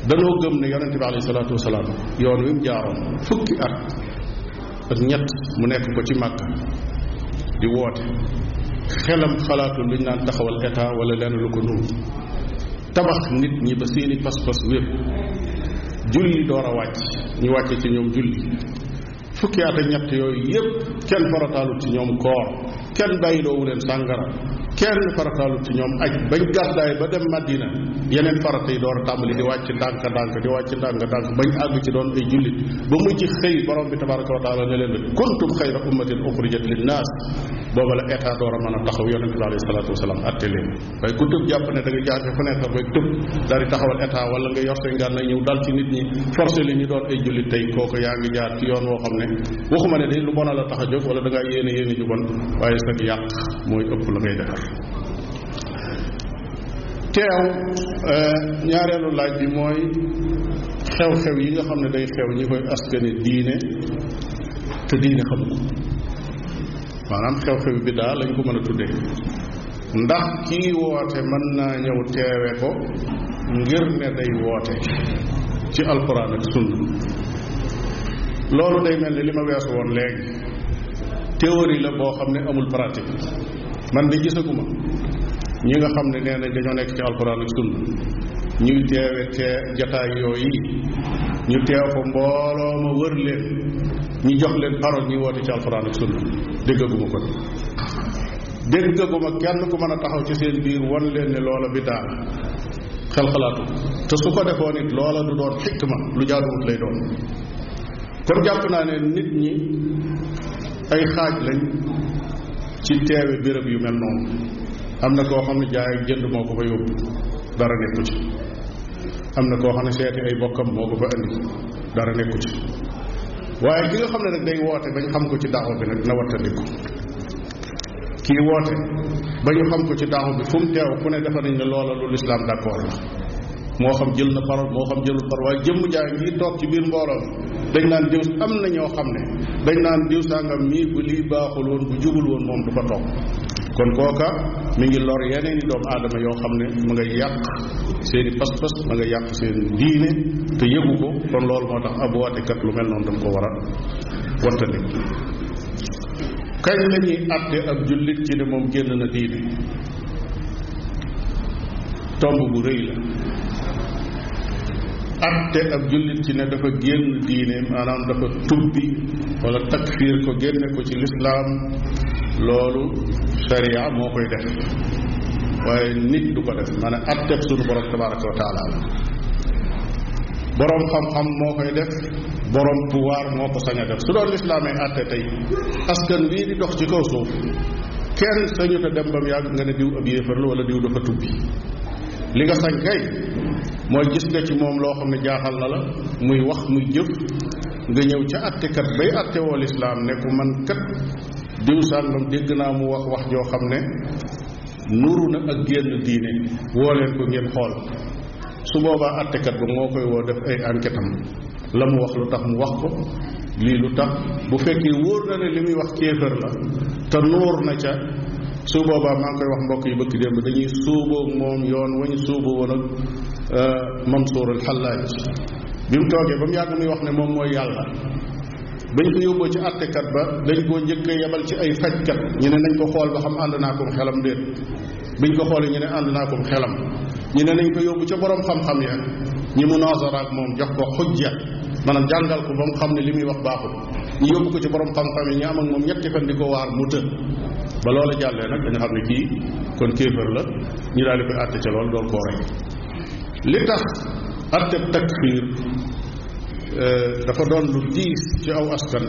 danoo gëm ne yonente bi alayhi salaatu wasalaam yoon wi mu jaaroon fukki at ñett mu nekk ko ci màkk di woote xelam xalaatul lu ñu naan taxawal état wala lenn lu ko nuru tabax nit ñi ba seeni pas-pas wér julli door a wàcc ñu wàcce ci ñoom julli fukki at ak ñett yooyu yépp kenn farataalut ci ñoom koor kenn bàyyiloowu leen sàngara kenn farataalu ci ñoom aj bañ gàddaay ba dem Madina yeneen farata yi door a tàmbali di wàcc ndànk ndànk di wàcc ndànk ndànk bañ àgg ci doon ay bi tabaraka wa taala ne leen rek kuntum xayra ummatin uxrijat linnaas booba la état door a mën a taxaw yonente bi alayhi salaatu jaar ci yoon woo xam ne waxuma ne day lu bon la tax a jóg wala da yéene yéene ju waaye sag yàq mooy ëpp la ngay defar teew euh, ñaareelu laaj bi mooy xew-xew yi nga xam ne day xew ñi koy askane diine te diine xamu ko maanaam xew-xew bi daal lañ ko mën a tudde ndax kii woote mën naa ñëw teewe ko ngir ne day woote ci alxuraan ak sunna loolu day mel ni li ma weesu woon léegi théorie la boo xam ne amul pratique man de gisaguma ñi nga xam ne nee nañ dañoo nekk ci alxuraan ak sunna ñuy teewe tee jataay yooyu ñu teew fa mbooloo ma wër leen ñu jox leen parole ñuy woote ci alxuraan ak sunna déggaguma ko déggaguma kenn ku mën a taxaw ci seen biir wan leen ne loola bi xel xalaatu te su ko defoo it loola du doon xikma lu jaaduwut lay doon kon jàpp naa ne nit ñi ay xaaj lañ ci teewe béréb yu mel noonu am na koo xam ne jaay ak jënd moo ko fa yóbbu dara nekku ci am na koo xam ne seeti ay bokkam moo ko fa indi dara nekku ci waaye ki nga xam ne nag day woote bañ xam ko ci daawa bi nag na wattandiku kii woote ba ñu xam ko ci daawa bi fu mu teew ku ne dafa nañ ne loola lu lislaam d'accord la moo xam jël na parole moo xam jëlul parole waaye jëm jaay ngi toog ci biir mbooloo mi dañ naan diw am na ñoo xam ne dañ naan diw sàngam mii bu lii baaxul woon bu jubul woon moom du fa toog kon kooka mi ngi lor yeneen i doomu aadama yoo xam ne mu nga yàq seen i pas-pas ma nga yàq seen diine te yëgu ko kon loolu moo tax ab lu mel noonu dañ ko war a wattali kañ la ñuy àtte jullit ci ne moom génn na diine tomb bu rëy la atte ab jullit ci ne dafa génn diine maanaam dafa tubbi wala takfiir ko génne ko ci lislaam loolu sharia moo koy def waaye nit du ko def maanaam atteb sunu borom tabaraka wa taala xam-xam moo koy def borom pouvoir moo ko sañ a def su doon lislaamee atte tey askan wii di dox ci kaw suuf kenn sañu te dem yàgg nga ne diw ab yéefar la wala diw dafa tubbi li nga sañ kay mooy gis nga ci moom loo xam ne jaaxal na la muy wax muy jëf nga ñëw ca attekat bay attewoo lislaam ne ku man kat diw sàngam dégg naa mu wax wax joo xam ne nuru na ak génn diine woo leen ko ngeen xool su boobaa attekat ba moo koy woo def ay enquête am la mu wax lu tax mu wax ko lii lu tax bu fekkee wóor na ne li muy wax kéefër la te nuur na ca su boobaa maa ngi koy wax mbokk yi bëkk démb dañuy suuboo moom yoon wañu suuboo woon ak euh, Mansuur al Xallaaj bi mu toogee ba mu yàgg muy wax ne moom mooy yàlla bañ ko yóbboo ci àttekat ba dañ koo njëkk a yebal ci ay fajkat ñu ne nañ ko xool ba xam ànd naa ko xelam déet biñ ko xoolee ñu ne ànd ko xelam ñu ne nañ ko yóbbu ca borom xam ya ñi mu noosara ak moom jox ko xujja maanaam jàngal ko ba mu xam ne li muy wax baaxul ñu yóbbu ko ci borom xam-xam yi ñu am moom ñetti fan di ko waar mu të ba loola jàllee nag dañu xam ne kii kon kéefër la ñu daal di koy àtte ca loolu doon koo rey li tax àtte takfiir euh, dafa doon lu diis ci aw askan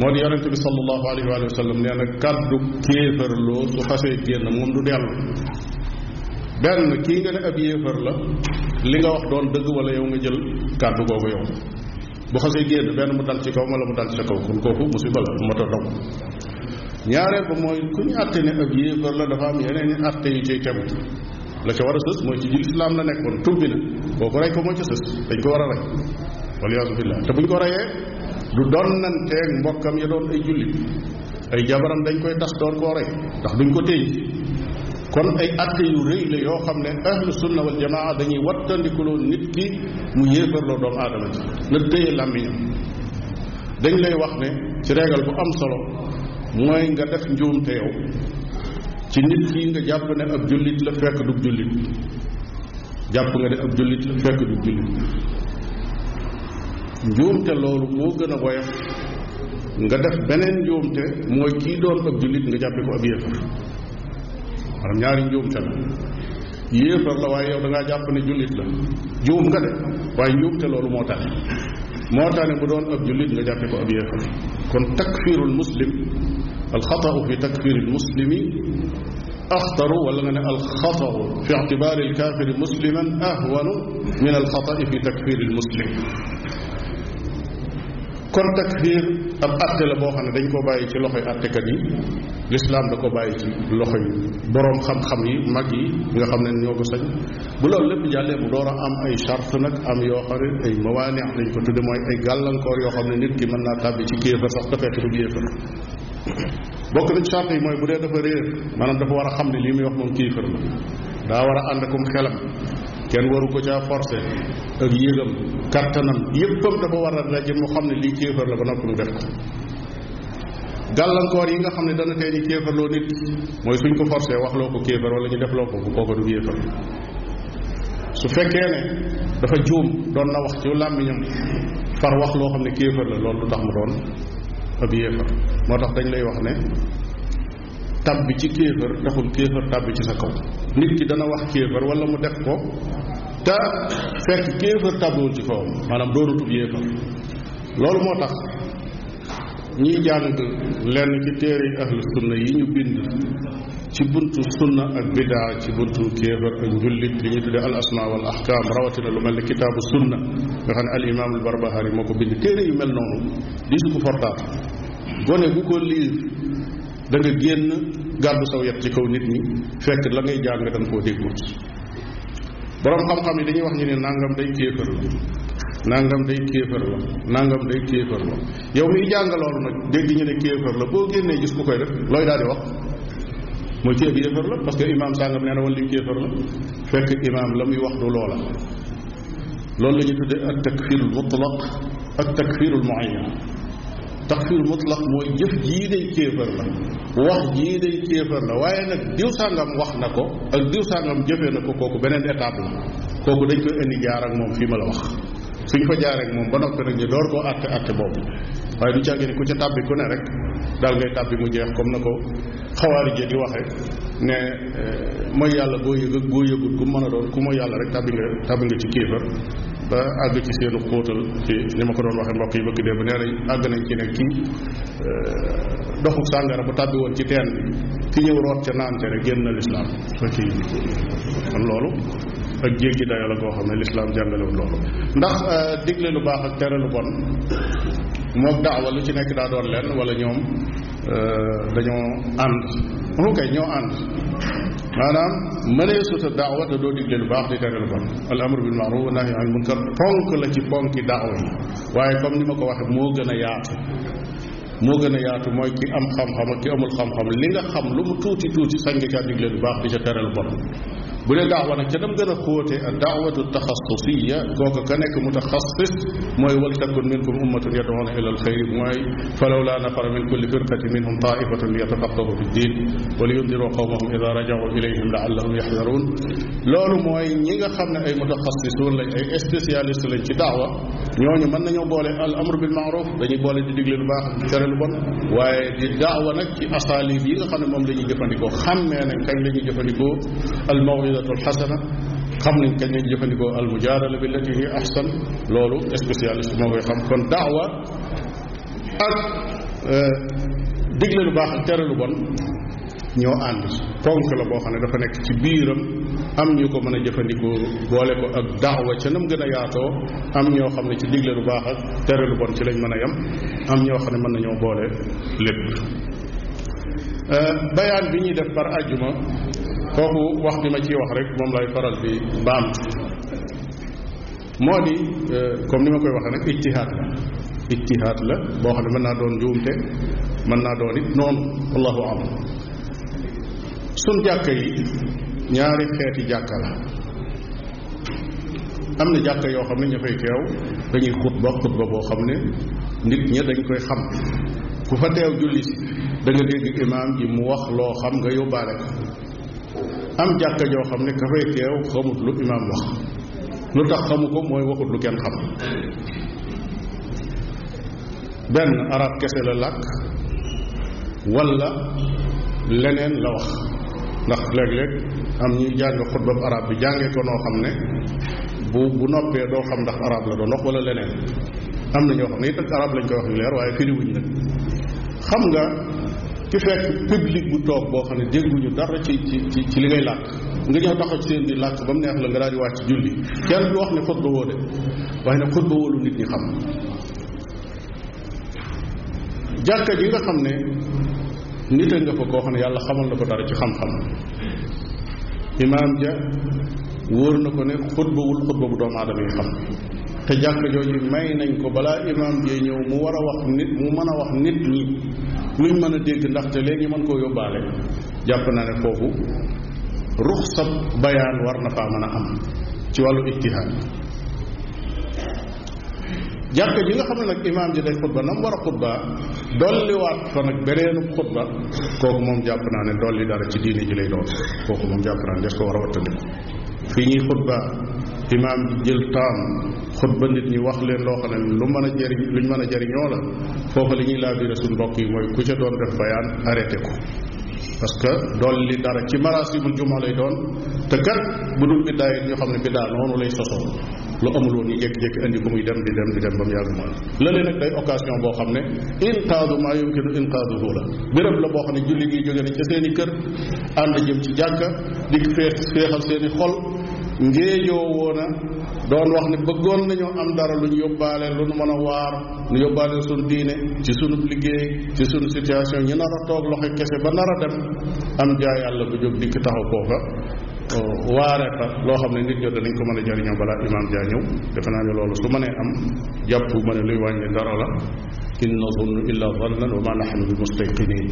moo di yonente bi sallallahu alayhi wa sallam nee na kàddu kéefërloo su xasee génn moom du dellu benn kii nga ne ab yéefar la li nga wax doon dëgg wala yow nga jël kàddu kooku yow bu xasee génn benn mu dal ci kaw wala mu dal ci sa kaw kon kooku musiba la mat a ñaareel ba mooy ku ñu ne ak yéefar la dafa am yeneen i àtte yu cay tegu la ca war a sës mooy ci ji lislaam la nekkoon tubbi na kooku rey ko moo ca sës dañ ko war a rey waliyaasu billah te buñ ko reyee du donnanteeg mbokkam ya doon ay jullit ay jabaram dañ koy tas door koo rey ndax duñ ko téye kon ay àtte yu rëy la yoo xam ne ahlu sunna wal jamaa dañuy wattandikuloo nit ki mu yéefarloo doomu aadama ci na téye làmmiñam dañ lay wax ne ci régal bu am solo mooy nga def njuumte yow ci nit kii nga jàpp ne jullit la fekk du jullit jàpp nga ne ab jullit la fekk du jullit njuumte loolu moo gën a woyof nga def beneen njuumte mooy kii doon ab jullit nga jàppe ko ab yéefar maanaam ñaari njuumte la yéefar waaye yow dangaa ngaa jàpp ne jullit la juum nga de waaye njuumte loolu moo tax moo tax ne bu doon ab jullit nga jàppe ko ab kon takfirul muslim alxatau fi takfir almuslimi axtaru wala nga ne alxatau fi ictibaar alkaafiri musliman ahwanu min alxatai fi takfir almuslim kon takfir ab atte la boo xam ne dañ ko bàyyi ci loxo loxoy attekat yi lislaam da ko bàyyi ci loxoy boroom xam-xam yi mag yi nga xam ne ñoo ko sañ bu loolu lépp jàllee bu door a am ay charte nag am yoo xam ne ay mawaaneex lañ ko tudde mooy ay gàllankoor yoo xam ne nit ki mën naa tàbbi ci kéefar sax te fekk du kéefar bokk na ci yi mooy bu dee dafa réer maanaam dafa war a xam ne lii muy wax moom kiifar la daa war a ànd akum xelam kenn waru ko caa forcé ak yëgam kattanam yëppam dafa war a daje mu xam ne lii kéefar la ba noppi mu def ko gàllankoor yi nga xam ne dana tee ñu kéefarloo nit mooy suñ ko forcé wax loo ko kéefar wala ñu def loo ko bu ko du yéefar su fekkee ne dafa juum doon na wax ci làmmiñam far wax loo xam ne kéefar la loolu du tax mu doon ab yéefar moo tax dañ lay wax ne tàbbi ci kéefar taxul kéefar tàbbi ci sa kaw nit ki dana wax kéefar wala mu def ko te fekk kéefar tàbbiwul ci kawam maanaam doonutub yéefar loolu moo tax ñiy jàng lenn ci téere ahlu sunna yi ñu bind ci buntu sunna ak bidaa ci buntu kéefar ak njullit li ñuy tuddee al asma wal ahkam rawatina lu mel ne kitaabu sunna nga xam ne al imaam al barbahari moo ko bind téere yu mel noonu di su ko fortaat gone bu ko liir da nga génn gàddu saw yet ci kaw nit ñi fekk la ngay jàng da nga koo déggut borom xam-xam yi dañuy wax ñu ne nangam day kéefar la nangam day kéefar la nangam day kéefar la yow miy jàng loolu nag dégg ñu ne kéefar la boo génnee gis ku koy def looy daal di wax mooy ceeb yéefar la parce que imaam sàngam nee na woon li la fekk imaam la muy wax du loola loolu lañu ñuy tuddee ak takfirul mutlaq ak takfirul muayyan takfirul mutlaq mooy jëf jii day kéefar la wax jii day kéefar la waaye nag diw sàngam wax na ko ak diw sàngam jëfee na ko kooku beneen étape la kooku dañ koy indi jaar ak moom fii ma la wax suñ fa jaar ak moom ba noppi nag ñu door koo àtte àtte boobu waaye du caagi ne ku ca tàbbi ku ne rek dal ngay tàbbi mu jeex comme na ko xawaari ji di waxe ne eh, mooy yàlla goo yëg ak goo yëgut ku mën a doon ku mooy yàlla rek tàbbi nga tàbbi nga ci kéefar ba àgg ci seenu xóotal ci ni ma ko doon waxee mbokk yi bëgg dee ba nee nañ àgg nañ ci ne kii eh, doxu sàngara bu tàbbi woon ci teen bi ki ñëw root ca naan ca génn na lislaam fa ci kon loolu ak jéggi dayo la koo xam ne lislaam jàngalewul loolu ndax eh, digle lu baax ak tere lu bon moom daawa lu ci nekk daa doon lenn wala ñoom euh, dañoo ànd mu kay ñoo ànd maanaam mënee suta daawa te doo digle lu baax di tere lu bon al amru bil ma'ruf wa nahy anil munkar ponk la ci ponki daawa yi waaye comme ni ma ko waxee moo gën a yaatu moo gën a yaatu mooy ki am xam-xam ak ki amul xam-xam li nga xam lu mu tuuti tuuti sañ nga caa digle lu baax di ca tere lu bon bu dee daawa ca dem gën a xóote a daawatu taxasusiya kooku ka nekk mutaxasis mooy wal takun minkum ummatun yad'una ila alxayr mooy falawla nafara min kulli firqatin minhum taifatun liyatafaqahu fi ddin wa liyundiru qawmahum ida rajau ilayhim laallahum yaxdarun loolu ñi nga xam ne ay mutaxasisuun lañ ay spécialiste lañ ci daawa ñooñu mën nañoo boole al amru bil maaruf dañuy boole di digle lu baax di tere lu bon waaye di daawa nag ci asaalib yi nga xam ne moom la ñuy jëfandikoo xàmmee ne kañ la ñuy jëfandikoo al mawid maw'izatul xasana xam nañ kañ lañ jëfandikoo al mujaadala billati hi ahsan loolu spécialiste moo koy xam kon daawa ak euh, digle lu baax ak tere lu bon ñoo ànd ponk la koo xam ne dafa nekk ci biiram am ñu ko mën a jëfandikoo boole ko ak daawa ca nam gën a yaatoo am ñoo xam ne ci digle lu baax ak tere lu bon ci lañ mën a yem am ñoo xam ne mën nañoo boole lépp euh, bayaan bi ñuy def par ajjuma kooku wax bi ma ci wax rek moom lay faral bi baam moo di euh, comme ni ma koy waxee nag ijtihaad la ijtihaad la boo xam ne mën naa doon njuumte mën naa doon it noonu allahu alam sun jàkka yi ñaari xeeti jàkka la am na jàkka yoo xam ne ña fay teew dañuy xutba xutba boo xam ne nit ña dañ koy xam ku fa teew julli si da dégg imaam ji mu wax loo xam nga yóbbaale ko am jàkka joo xam ne ka fay teew xamut lu imaam wax lu tax xamu ko mooy waxut lu kenn xam benn arab kese la làkk wala leneen la wax ndax léeg-léeg am ñuy jàng xutbab arab bi jàngee ko noo xam ne bu bu noppee doo xam ndax arab la doo wax wala leneen am na ñoo xam ne it ak arab lañ koy wax leer waaye firiwuñ nag xam nga ci fekk public bu toog boo xam ne dégguñu dara ci ci ci li ngay làkk nga ñëw taxaw ci seen biir làkk ba mu neex la nga daal di wàcc julli kenn du wax ne xutba woo de waaye nag xutba woo lu nit ñi xam jàkka ji nga xam ne nit a nga koo xam ne yàlla xamal na ko dara ci xam-xam imaam ja na ko ne xutba wul xutba bu doomu aadama yi xam te jàkka jooju may nañ ko balaa imaam jee ñëw mu war a wax nit mu mën a wax nit ñi ñu mën a dégg ndaxte léegi mën koo yóbbaale jàpp naa ne foofu rux sab bayaan war na faa mën a am ci wàllu ijtihaad jàkka ji nga xam ne nag imaam ji day xutba nam war a xutba dolliwaat fa nag beneenub xutba kooku moom jàpp naa ne dolli dara ci diine ji lay doon kooku moom jàpp naa ne des ko war a wattandiku fii ñuy xutba imaam bi jël taam xutba nit ñi wax leen loo xam ne lu mën a jëriñ luñ mën a jëriñoo la foofa li ñuy laabire suñ bokk yi mooy ku ca doon def bayaan arrêté ko parce que dool li dara ci marasimul juma lay doon te kat bu dul biddaa yi ñu xam ne biddaa noonu lay sosoo lu amul woon ñu jékki-jékki indi ko muy dem di dem di dem ba mu yàgg ma lële nag day occasion boo xam ne inqaadu maa yumkinu inqaaduhu la béréb la boo xam ne julli gi jóge nañ ca seen i kër ànd jëm ci jàkka di feex feexal ngéejoo woon a doon wax ne bëggoon nañoo am dara lu ñu yóbbaale lu ñu mën a waar nu yóbbaale suñ diine ci sunu liggéey ci sunu situation ñu nar a toog loxo kese ba nar a dem am jaay yàlla bu jóg dikk taxaw foofa uh, waare fa loo xam ne nit ñoo danañ ko mën a jariñoo balaa imaam jaa ñëw defe naa ne loolu su mënee am jàpp ma ne luy wàññi dara la in nazunnu illa zannan wa ma nahnu bi mustayqinin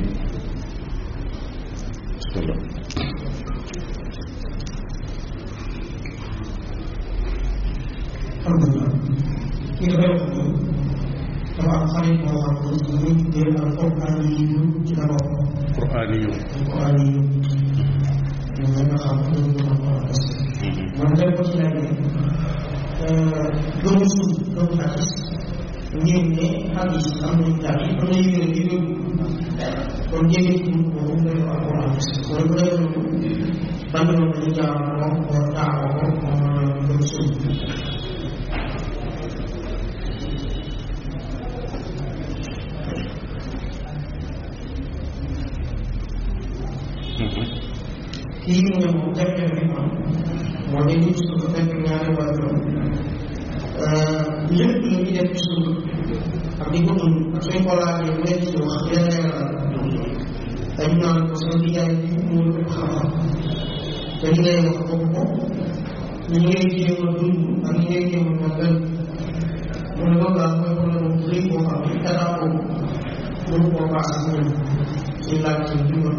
alhamdulilah ki nga koy wax moom dafa am xarit boo xam ne dañuy jël alquran yi ñu ci la bokk. alquran yi ñu. alquran yi ñu. ñoom ñoo nga xam ne ñu am ko parce que. man dañ ko ci laajee doomu suuf doomu xadis ngeen ne xadis am nañ taxi am na yére yu yóbbu kon jëlee ci boobu day ko alquran wala bu lay ban yoon dañu jaaw moom wala taawoo moom kii ñoom jafe bi am moo di ñu suuf fekk ñaari waajuram lépp lu ñu def ci suuf ak di ko dund suñ xoolaatee mu nekk ci wax yàlla yàlla dañu naan ko sa liggéey bi moo ëpp xam-xam te li ngay wax bokk ko ñu ngay jéem a dund ak ñu ngay jéem a màggal mu ne loolu daal mooy problème bu rëy boo xam ne dara ko mënu koo paas ñun ci laaj ci ndimbal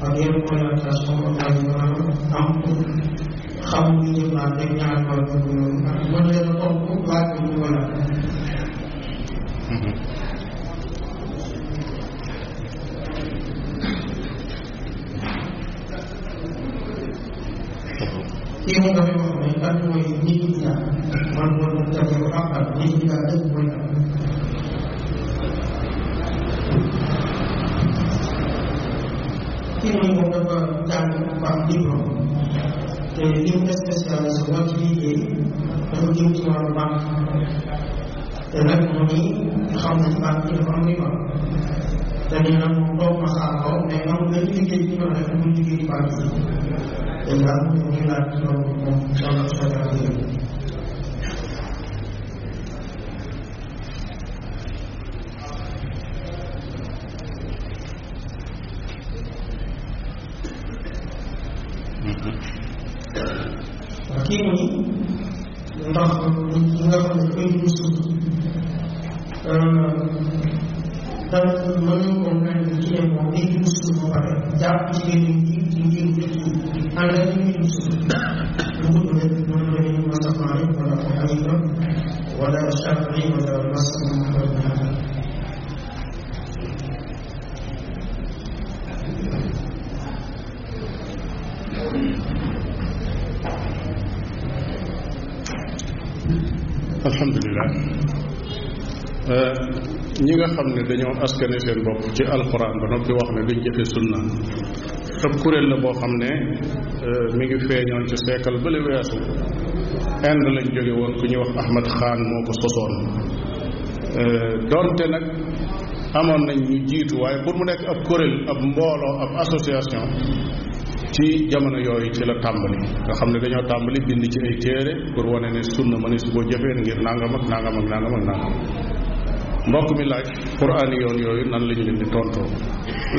kon yéen la transformation maanaam am xam ñu ne maa ngi ñaar wala ñu mën leen a tontu baat ñu mën a. kii moom dafay wax ne kan mooy ñi ñu ñaar man man tamit am ak ñi ñu ñaar dëgg mooy am. kii mooy moom dafa jàng ba am diplôme te li mu spécialisé woon ci liggéey dafa jëm ci wàllu banque te nag mu ni xam na ci banque bi dafa am diplôme te nee na moom doomu ma saa kaw mais man nga liggéey ci ñoom rek mu liggéey ci banque yi te daal ñu ngi laaj loolu moom loolu la ak jigéen ñi ci ci ngir ànd ak ñu ñu suuf lu gudd rek mën nañu masafaan wala xayma wala chafi wala masam wala ñi nga xam ne dañoo askane seen bopp ci alxuraan ba noppi wax ne duñ jëfe sunna ab kuréel la boo xam ne euh, mi ngi feeñoon ci seekal bale weesu Inde lañ jóge woon ku ñuy wax Ahmad xaan moo ko sosoon euh, donte nag amoon nañ ñu jiitu waaye pour mu nekk ab kuréel ab mbooloo ab association ci jamono yooyu ci la tàmbali nga xam ne dañoo tàmbali bind ci ay téere pour wane ne sunna mënees su ko jëfee ngir nangam ak nangam ak nangam ak nangam mbokk mi laaj quraan yoon yooyu nan lañu leen di tontoo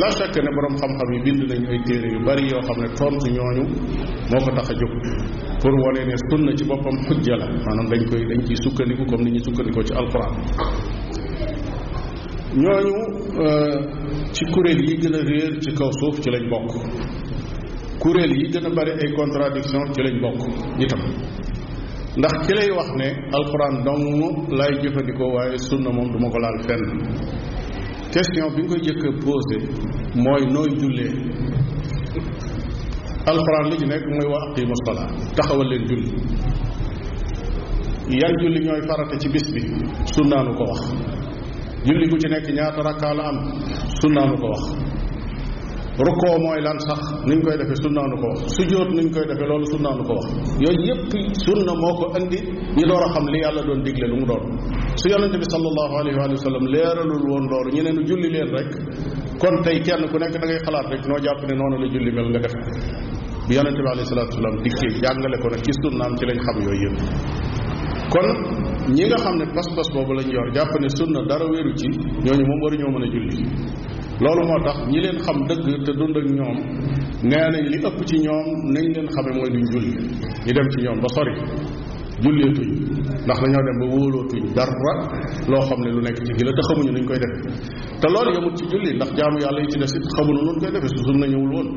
la chaque ne borom xam-xam yi bind nañu ay téere yu bari yoo xam ne tontu ñooñu moo ko tax a jóg pour wane ne sunna ci boppam xujja la maanaam dañ koy dañ ciy sukkandiku comme ni ñuy sukkandikoo ci alquran ñooñu euh, ci kuréel yi gën a réer kaw suuf ci lañ bokk kuréel yi gën a bari ay contradiction ci lañ bokk itam ndax ki lay wax ne alxuraan dong lay jëfandikoo waaye sunna moom duma ko laal fenn question bi nga koy jëkk a mooy nooy jullee alxuraan li ci nekk mooy wa aqimu salaa taxawal leen julli yan julli ñooy farata ci bis bi sunnaanu ko wax julli ku ci nekk ñaata rakkaa la am sunnaanu ko wax rukkoo mooy lan sax niñ koy defee sunnaanu ko wax sujjóot niñ koy defee loolu sunnaanu ko wax yooyu yépp sunna moo ko indi ñu door a xam li yàlla doon digle lu mu doon su yonente bi sallallahu alayhi wa sallam leeralul woon loolu ñu ne nu julli leen rek kon tey kenn ku nekk da ngay xalaat rek noo jàpp ne noonu la julli mel nga def bi yonente bi alayhi salatu wasalam dikkee jàngale ko nag ci sunnaam ci lañ xam yooyu yëpp kon ñi nga xam ne pas-pas boobu lañ yor jàpp ne sunna dara ci ñooñu moom waruñoo mën a julli loolu moo tax ñi leen xam dëgg te dund ak ñoom nee nañ li ëpp ci ñoom nañ leen xame mooy duñ julli ñu dem ci ñoom ba sori julleetuñ ndax dañoo dem ba wóolootuñ dara loo xam ne lu nekk ci gi la te xamuñu nuñ koy def te loolu yamut ci julli ndax jaamu yàlla yi ci des it xamuñu nuñ koy defe su sunna ñëwul woon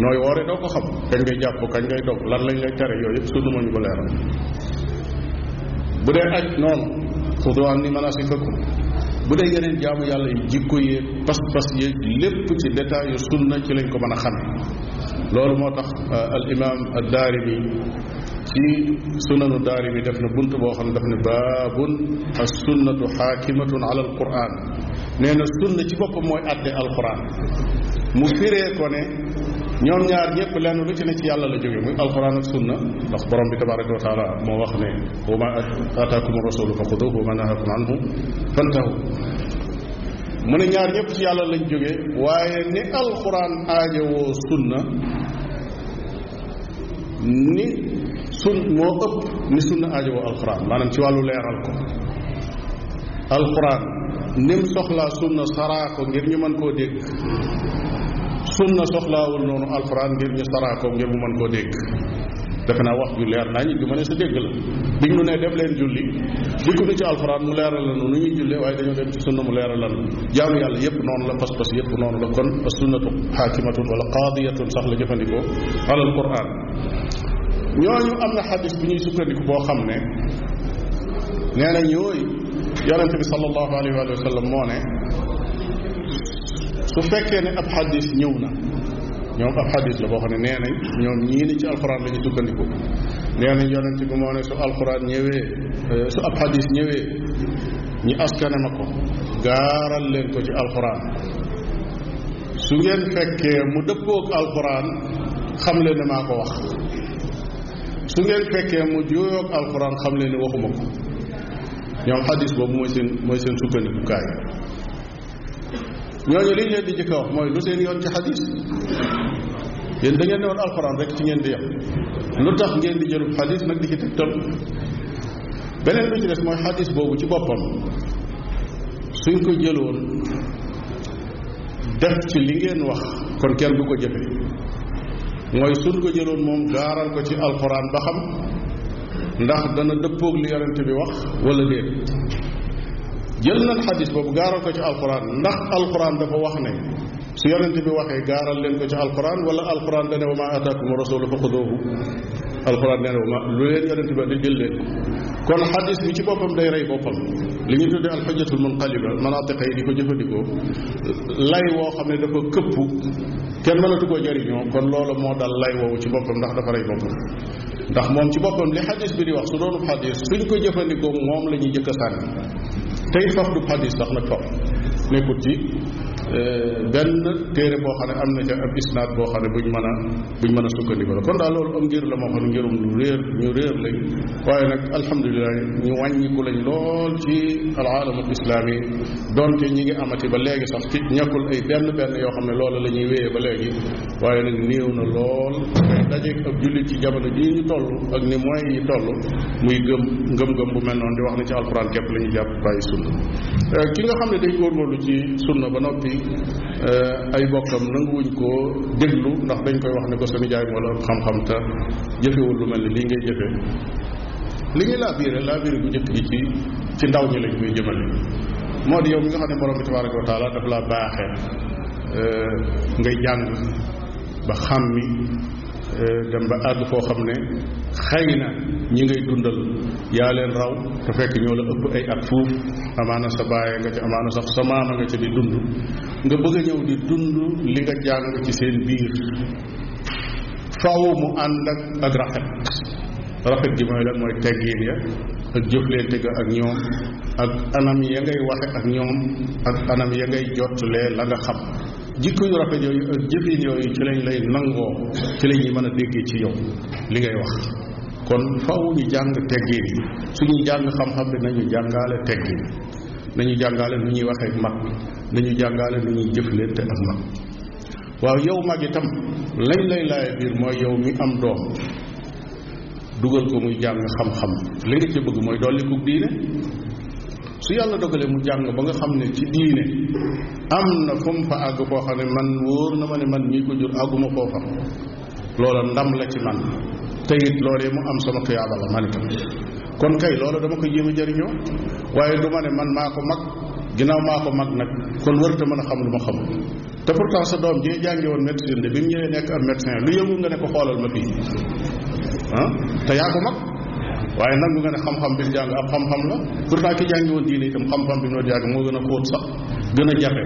nooy woore doo ko xam kañ ngay jàpp kañ ngay dog lan lañ lay tere yooyu yëpp sunna moo ñu ko leeral bu dee aj noonu xudu anni manasikakum bu dee yeneen jaamu yàlla yi jikko yéeg pas-pas yéeg lépp ci détail yu sunna ci lañ ko mën a xam loolu moo tax euh, al imam ad daarimi ci sunanu bi def na bunt boo xam ne daf ne baabun as sunnatu xaakimatun ala al quran nee na sunna ci boppam mooy àtte alquran mu firee ko ne ñoom ñaar ñëpp lenn lu ci ne ci yàlla la jóge muy alquran ak sunna ndax borom bi tabaraka wa taala moo wax ne wa ma ataakum rasulu fa xuduhu wa ma nahakum anhu mu ne ñaar ñëpp ci yàlla lañ jóge waaye ni alquran aajowoo sunna ni sun moo ëpp ni sunna aajowoo alquran maanaam ci wàllu leeral ko alquran nim soxlaa sunna saraa ko ngir ñu mën koo dégg sunna soxlaawul noonu alxuraan ngir ñu saraa ko ngir mu mën koo dégg defe naa wax ju leer naa ñu ju ma ne sa dégg la bi ñu ne def leen julli dikku nu ci alxuraan mu leeral lanu nu ñuy jullee waaye dañoo dem ci sunna mu leeral lanu jaamu yàlla yépp noonu la pas-pas yépp noonu la kon sunnatu xaakimatun wala qaadiyatun sax la jëfandikoo alal quraan ñooñu am na xadis bi ñuy sukkandiku boo xam ne nee na ñooy yonente bi sallallahu alayhi wa sallam moo ne su fekkee ne ab xadis ñëw na ñoom ab xadis la boo xam ne nee nañ ñoom ñii ni ci alxuraan la ñu sukkandiku nee nañ yonent bi moo ne su alxuraan ñëwee eh, su ab ñi askane ma ko gaaral leen ko ci alxuraan su ngeen fekkee mu dëppoog alxuraan xam leen ne maa ko wax su ngeen fekkee mu juyoog alxuraan xam leen ne waxuma ko ñoom xadis boobu mooy seen mooy seen sukkandikukaay ñooñu li ñu leen di jëkk wax mooy lu seen yoon ci xadis yéen da ngeen alxuraan rek ci ngeen di yem lu tax ngeen di jëlub xadis nag di ci tegtal beneen bi des mooy xadis boobu ci boppam suñ ko jëloon def ci li ngeen wax kon kenn bu ko jëfe mooy suñ ko jëloon moom gaaral ko ci alxuraan ba xam ndax dana dëppoog li yonente bi wax wala déet jël nañ xadis boobu gaaral ko ci alquran ndax alquran dafa wax ne su yonente bi waxee gaaral leen ko ci alquran wala alquran dane wa ma ataakum rasulu fa xudoohu alquran nee na wa ma lu leen yonente bi di jël leen kon xadis bi ci boppam day rey boppam li ñu tuddee alxujjatul munqaliba manaatiqa yi di ko jëfandikoo lay woo xam ne dafa këpp kenn mënatu koo jariñoo kon loolu moo dal lay woowu ci boppam ndax dafa rey boppam ndax moom ci boppam li xadis bi di wax su doonu xadis suñ ko jëfandikoo moom la ñuy jëkk a tey fardu xadis sax nag far nekkut ci Euh, benn téere boo xam ne am na ca ab isnaat boo xam ne buñ mën a buñ mën a sukkandiku la kon daal loolu am ngir la moo xam ne ngirum lu réer ñu réer lañ waaye nag alhamdulilah ñu wàññiku lañ lool ci alaalamul islaami donte ñi ngi amati ba léegi sax ci ñàkkul ay benn benn yoo xam ne loola la ñuy wéyee ba léegi waaye nag néew na lool dajeeg ab jullit ci jamono ji ñu toll ak ni moyens yi toll muy gëm ngëm-ngëm bu mel noonu di wax na ci alxuraan képp la ñuy jàpp bàyyi sunna euh, ki nga xam ne day góorgóorlu ci sunna ba noppi Euh, ay bokkam nanguwuñ koo déglu ndax dañ koy wax ne ko sunu jaay moo la xam-xam te jëfewul lu mel ne lii ngay jëfe li ñuy laabiire laabiire bu njëkk bi ci ci ndaw ñi lañ koy jëmale moo di yow mi nga xam ne borom bi tabaraka wa taala daf laa baaxee euh, ngay jàng ba xàmmi Euh, dem ba àgg foo xam ne xëy na ñi ngay dundal yaa leen raw te fekk ñoo la ëpp ay at fuuf amaana sa bàyyee nga ca amaana sax sa maama nga ca di dund nga bëgg ñëw di dund li nga jàng ci seen biir faw mu ànd ak rafet rafet gi mooy lan mooy teggiin ya ak jëflante ga ak ñoom ak anam ya ngay waxe ak ñoom ak anam ya ngay jotlee la nga xam jikko yu rafet yooyu ak jëfin yooyu ci lañ lay nangoo ci la ñuy mën a déggee ci yow li ngay wax kon faaw ñu jàng teggin yi suñuy jàng xam-xam bi nañu jàngaale teggin nañu jàngale nu ñuy waxee ak mag nañu jàngaale nu ñuy jëflante ak mag waaw yow mag itam lañ lay laaye biir mooy yow mi am doom dugal ko muy jàng xam-xam li nga ci bëgg mooy dolli ko diine su yàlla dogalee mu jàng ba nga xam ne ci diine am na fu mu fa àgg boo xam ne man wóor na ma ne man mii ko jur àgguma foofa loola ndam la ci man te it loolee mu am sama tuyaaba la man itam kon kay loola dama ko jéem a jëriñoo waaye du ma ne man maa ko mag ginnaaw maa ko mag nag kon warta mën a xam lu ma xam te pourtant sa doom jee jànge woon médecine de bi mu ñëwee nekk am médecin lu yëngu nga ne ko xoolal ma fii ah, te yaa ko mag waaye nangu nga ne xam-xam bi mu jàng ab xam-xam la pourtant ki jàngi woon diine itam xam-xam bi mu doon jàng moo gën a xóot sax gën a jafe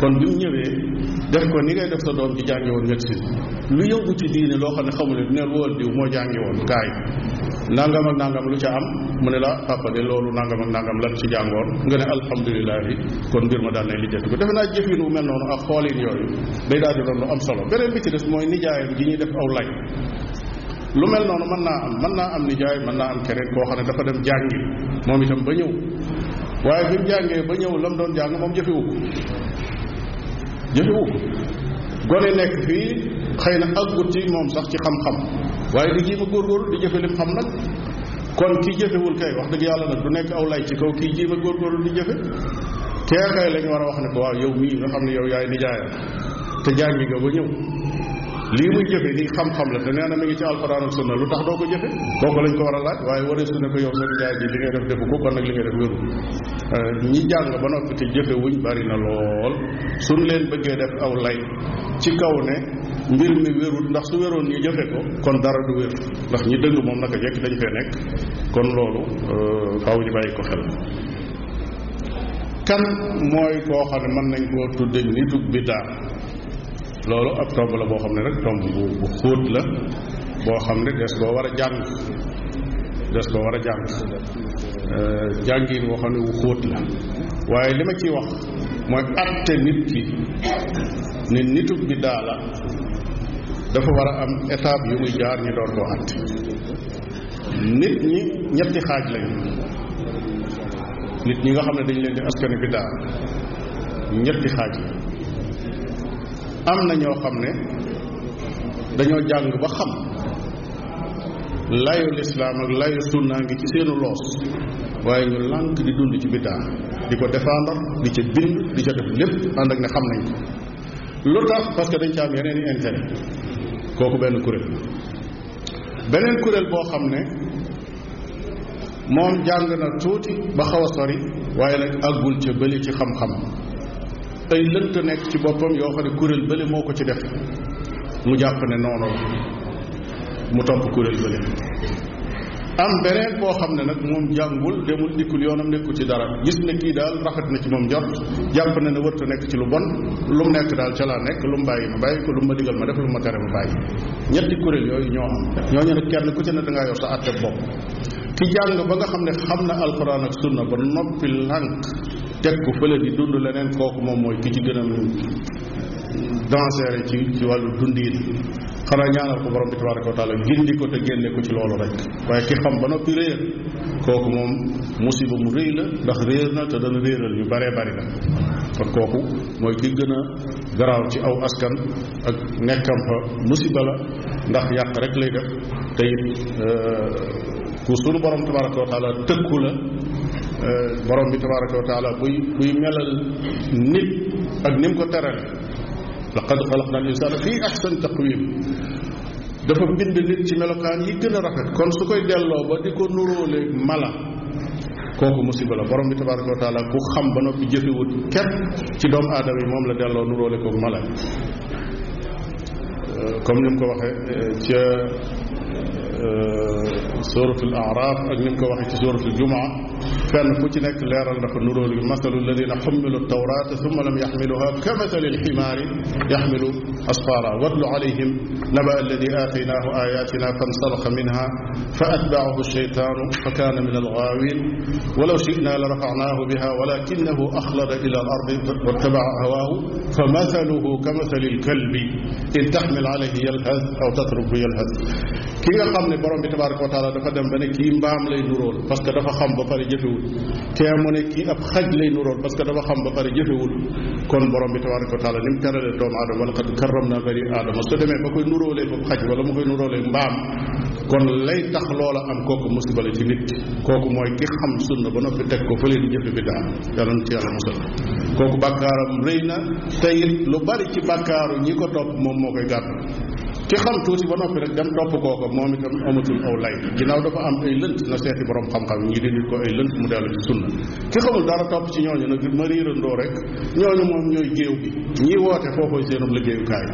kon bi mu ñëwee def ko ni ngay def sa doom ci jàngi woon médecine lu yëngu ci diine loo xam ne xamule ne wóor diw moo jàngi woon kaay nangam ak nangam lu ci am mu ne la pàppale loolu nangam ak nangam lan ci jàngoon nga ne alhamdulilahi kon mbir ma daal nay lijjanti ko defe naa jëfin wu mel noonu ak xoolin yooyu day daal di doon lu am solo beneen bi ci des mooy nijaayam ji ñuy def aw lay lu mel noonu mën naa am mën naa am nijaay mën naa am keneen koo xam ne dafa dem jàngi moom itam ba ñëw waaye bi mu jàngee ba ñëw lam doon jàng moom jëfewu ko jëfewu gone nekk fii xëy na àggut ci moom sax ci xam-xam waaye di jiima góorgóorlu di jëfe lim xam nag kon kii jëfewul kay wax dëgg yàlla nag du nekk aw lay ci kaw kii jiima góorgóorlu di jëfe kee lañu war a wax ne ko waaw yow mii nga xam ne yow yaay nijaayam te jàngi nga ba ñëw lii muy jëfe nii xam-xam la te nee na mi ngi ci alxuraan sunna lu tax doo ko jëfe kooku lañ ko war a laaj waaye waree su ne ko yow sa njaay bi li ngay def defu ko kon nag li ngay def wéru euh, ñi jàng ba noppi te jëfe wuñ bari na lool suñ leen bëggee def aw lay ci kaw ne mbir mi wérut ndax su wéroon ñu jëfe ko kon dara du wér ndax ñi dëgg moom naka jekk dañ fee nekk kon loolu euh, faaw ñu bàyyi ko xel kan mooy koo xam ne mën nañ koo tudde nitu biddaa loolu ab tomb la boo xam ne rek tomb bu bu xóot la boo xam ne des boo war a jàng des boo war a jàng euh, jàngin boo xam ne wu xóot la waaye li ma ciy wax mooy atte nit ki ne nitu biddaa la dafa war a am étape yu muy jaar ñu door koo atte nit ñi ñetti xaaj lañu nit ñi nga xam ne dañ leen di askane daal ñetti xaaj am na ñoo xam ne dañoo jàng ba xam layu lislaam ak layu sunnaa ngi ci seenu loos waaye ñu lànk di dund ci biddaa di ko défendre di ca bind di ca def lépp ànd ak ne xam nañ ko lu tax parce que dañ ca am yeneen i intérêt kooku benn kuréel beneen kuréel boo xam ne moom jàng na tuuti ba xaw a sori waaye nag àggul ca bëli ci xam-xam tey lënt nekk ci boppam yoo xam ne kuréel bële moo ko ci def mu jàpp ne noonu la mu topp kuréel bële am beneen boo xam ne nag moom jàngul demul dikkul yoonam nekkul ci dara gis ne kii daal rafet na ci moom jot jàpp na ne wërta nekk ci lu bon lu mu nekk daal ca laa nekk lu mu bàyyi ma bàyyi ko lu ma digal ma def lu mu ma tere ma bàyyi ñetti kuréel yooyu ñoo am ñooñu nag kenn ku ci ne dangaa yor sa àtte bopp ki jàng ba nga xam ne xam na alxuraan ak sunna ba teg ko fële di dund leneen kooku moom mooy ki ci gën a danseere ci ci wàllu dundiin xanaa ñaanal ko borom bi tabaraka wa taala gindi ko te génne ko ci loolu rek waaye ki xam ba noppi réer kooku moom musiba mu réy la ndax réer na te dana réeral yu baree bari la kon kooku mooy ki gën a garaaw ci aw askan ak nekkam fa musiba la ndax yàq rek lay def tey it euh, ku sunu borom tabaraka tëkku la Euh, borom bi tabaraka wa taala buy buy melal nit ak ni mu ko terale laqad xalaqna al insana fi ahsani taqwim dafa bind nit ci melokaan yi gën a rafet kon su koy delloo ba di ko nuróole mala kooku musiba la borom bi tabaraka wa taala ku xam ba noppi jëfewut ket ci doomu aadama yi moom la delloo nuróole koog mala euh, comme ni mu ko waxee euh, ca suratul araf ak ni mu ko waxee ci suratul jumaa fenn fu ci nekk leeral na fa nuróol gi masalu alladina xummilu tawrata summa lam yaxmiluha kamasali lximaari yaxmilu asfaara watlu alayhim naba alladi aataynaahu ayatina fansalaxa minha fa atbaahu alcheytaanu fa kaana min algaawin walaw shina la rafacnaahu biha walakinahu axlada ila alardi wattabaca hawaahu fa masaluhu kamasali alkalbi in taxmil alayhi yalhas aw tatruku yalhas ki nga xam ne borom bi tabaraka wa taala dafa dem ba ne kii mbaam lay nuróol parce que dafa xam ba pare jëfewul tee mu ne kii ab xaj lay nuroon parce dafa xam ba pare jëfewul kon borom bi tabaraka wa taala ni mu teralee doomu aadama laqad karam na bari aadama su demee ba koy nuróolee ba xaj wala mu koy nuróolee mbaam kon lay tax loola am kooku musiba la ci nit kooku mooy ki xam sunna ba noppi teg ko fële di jëfe bi daa yàlla na ci yàlla musal kooku bàkkaaram rëy na te lu bari ci bàkkaaru ñi ko topp moom moo koy gàddu ki xam tuuti ba noppi rek dem topp kooka moom itam amatul aw lay ginnaaw dafa am ay lënt na seeti borom xam-xam ñi dindit ko ay lënt mu dellu ci sunna ki xamul dara topp ci ñooñu nag ma riirandoo rek ñooñu moom ñooy géew bi ñi woote foofu seenub liggéeyukaay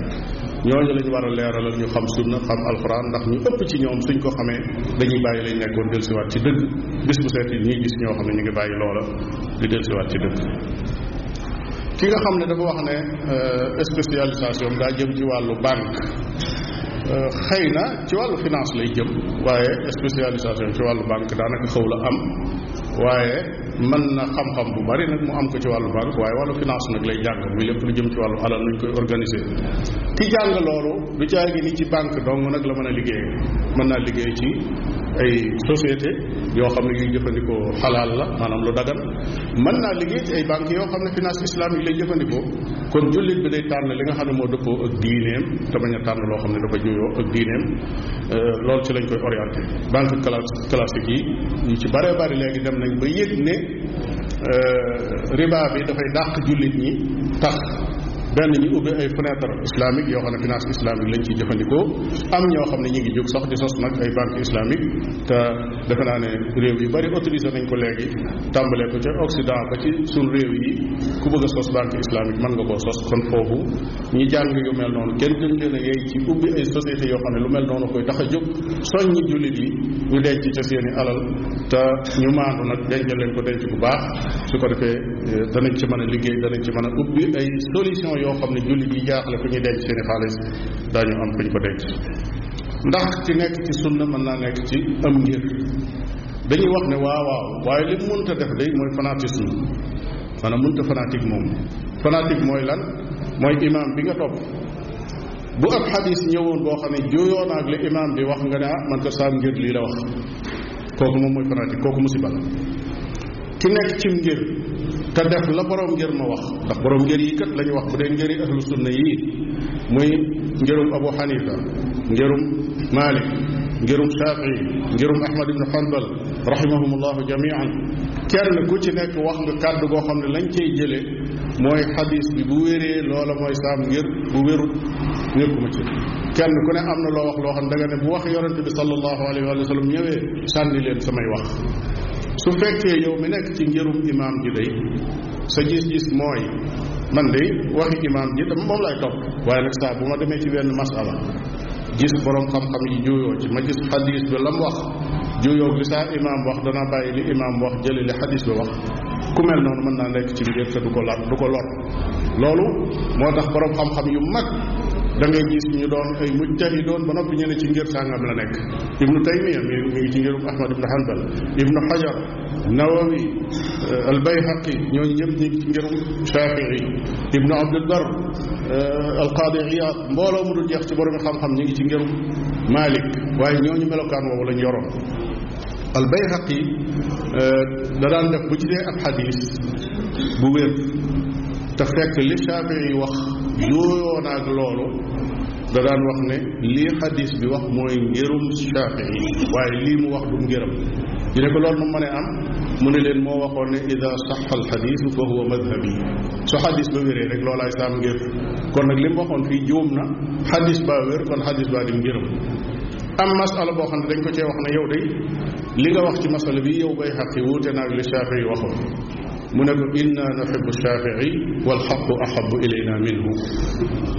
ñooñu lañu war a leeralal ñu xam sunna xam alxuraan ndax ñu ëpp ci ñoom suñ ko xamee dañuy bàyyi lañ nekkoon dellusiwaat ci dëgg bis bu seeti ñuy gis ñoo xam ne ñu ngi bàyyi loola di dellusiwaat ci dëgg ki nga xam ne dafa wax ne euh, spécialisation daa jëm ci wàllu banque xëy na ci wàllu finance lay jëm waaye spécialisation ci wàllu banque daanaka xaw la am waaye mën na xam-xam bu bari nag mu am ko ci wàllu banque waaye wàllu finance nag lay jàng muy lépp lu jëm ci wàllu alal nuñ koy organiser ki jàng loolu du caagi ni ci banque dong nag la mën a liggéey mën naa liggéey ci ay société yoo xam ne yuy jëfandikoo xalaal la maanaam lu dagan mën naa liggéey ci ay banques yoo xam ne finance islam yi lay jëfandikoo kon jullit bi day tànn li nga xam ne moo dëppoo ak diineem te bañ tànn loo xam ne dafa juyoo ak diineem euh, loolu ci lañ koy orienté banque classique yi ñu ci bare bari léegi dem nañ ba yëg ne euh, riba bi dafay dàq jullit ñi tax benn ñu ubbi ay fenêtre islamique yoo xam ne finance islamique lañ ciy jëfandikoo am ñoo xam ne ñu ngi jóg sox di sos nag ay banque islamique te defe naa ne réew yu bari autorisé nañ ko léegi tàmbalee ko ca Occident ba ci suñ réew yi ku bëgg a sos banque islamique mën nga koo sos kon foofu ñi jàng yu mel noonu kenn gën leen a yey ci ubbi ay société yoo xam ne lu mel noonu koy tax a jóg soññi jullit yi ñu denc ca seeni alal te ñu maandu nag denc leen ko denc bu baax su ko defee eh, danañ ci mën a liggéey danañ ci mën a ubbi ay millions yoo xam ne jullit yi jaaxle fu ñuy denc seeni xaalis daañu am fu ñu ko denc ndax ki nekk ci sunna mën naa nekk ci am ngir dañuy wax ne waaw waaw waaye li mënta def day mooy fanatisme maanaam mënta fanatique moom fanatique mooy lan mooy imaam bi nga topp bu ab xadis ñëwoon boo xam ne juyoon ak li imaam bi wax nga ne ah man ko saam ngir lii la wax kooku moom mooy fanatique kooku musiba la ki nekk ci ngir te def la borom ngir ma wax ndax borom ngir yi kat la ñu wax bu dee ngëri ahlu sunna yi muy ngërum abu xanifa ngërum malik ngërum shafii ngërum bu ibn hanbal rahimahumullahu jamian kenn ku ci nekk wax nga kàddu goo xam ne lañ cay jële mooy xadis bi bu wéree loola mooy saam ngir bu wérut nekkuma ci kenn ku ne am na loo wax loo xam da ne bu wax yonente bi sallallahu alayhi wa sallam ñëwee sànni leen samay wax su fekkee yow mi nekk ci njarum imaam ji day sa gis-gis mooy man de waxi imaam ji dama moom lay topp waaye nag saa bu ma demee ci benn masala gis borom xam-xam yi juuyoo ci ma gis xadis bi la wax juuyoo li saa imaam wax dana bàyyi li imaam wax jëli li xadis bi wax ku mel noonu mën naa nekk ci mbir te du ko lor du ko lor loolu moo tax borom xam-xam yu mag da ngay gis ñu doon ay mujtahidoon ba noppi ñu ne ci ngir sàngam la nekk ibnu taymiya mi mi ngi ci ngirum ahmad ibnu hanbal ibnu hajar nawawi euh, albayhaqi ñooñu ñëpp ñu ngi ci ngirum shafii ibnu abdul bar euh, alqaadi iyaad mbooloo mu dul jeex ci borom xam-xam ñu ngi ci ngirum malik waaye ñooñu melokaan woowu lañ yoroon albayhaqi euh, da daan def bu ci dee ab xadis bu wér te fekk li shafii wax yooyoon ak loolu da daan wax ne lii xadis bi wax mooy ngërum Shafii waaye lii mu wax du ngëram ñu ne ko loolu moom ma ne am mu ne leen moo waxoon ne ida saxa alxadisu fa huwa madhabi su xadis ba wéree rek loolaay saam ngër kon nag li waxoon fii juum na xadis baa wér kon xadis baa di ngëram am masala boo xam ne dañ ko cee wax na yow day li nga wax ci masala bi yow bay xaqi wuute naag li Shafii waxoon mu ne ko inna nuxibu shafii walxaqu axabu ilayna minhu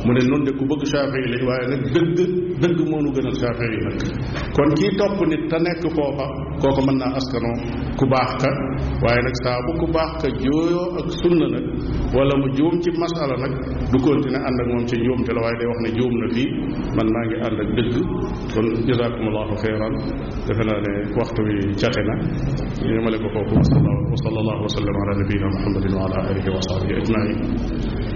mu ne noonu de ku bëgg shafii la waaye nag dëgg dëgg moonu gënal gën yi nag kon kii nit te nekk foofa kooku mën naa askanoo ku baax ka waaye nag saa ku baax ka jooyoo ak sunna nag wala mu juum ci masala nag du continuer ànd ak moom ci njuumte la waaye day wax ne juum na fii man maa ngi ànd ak dëgg kon jazakumullahu xeyran defe naa ne waxtu wi jate na ñu yemale ko foofu wa sallallahu wa sallam ala nabiina muhammadin wa ala alihi wa sahbihi ajmain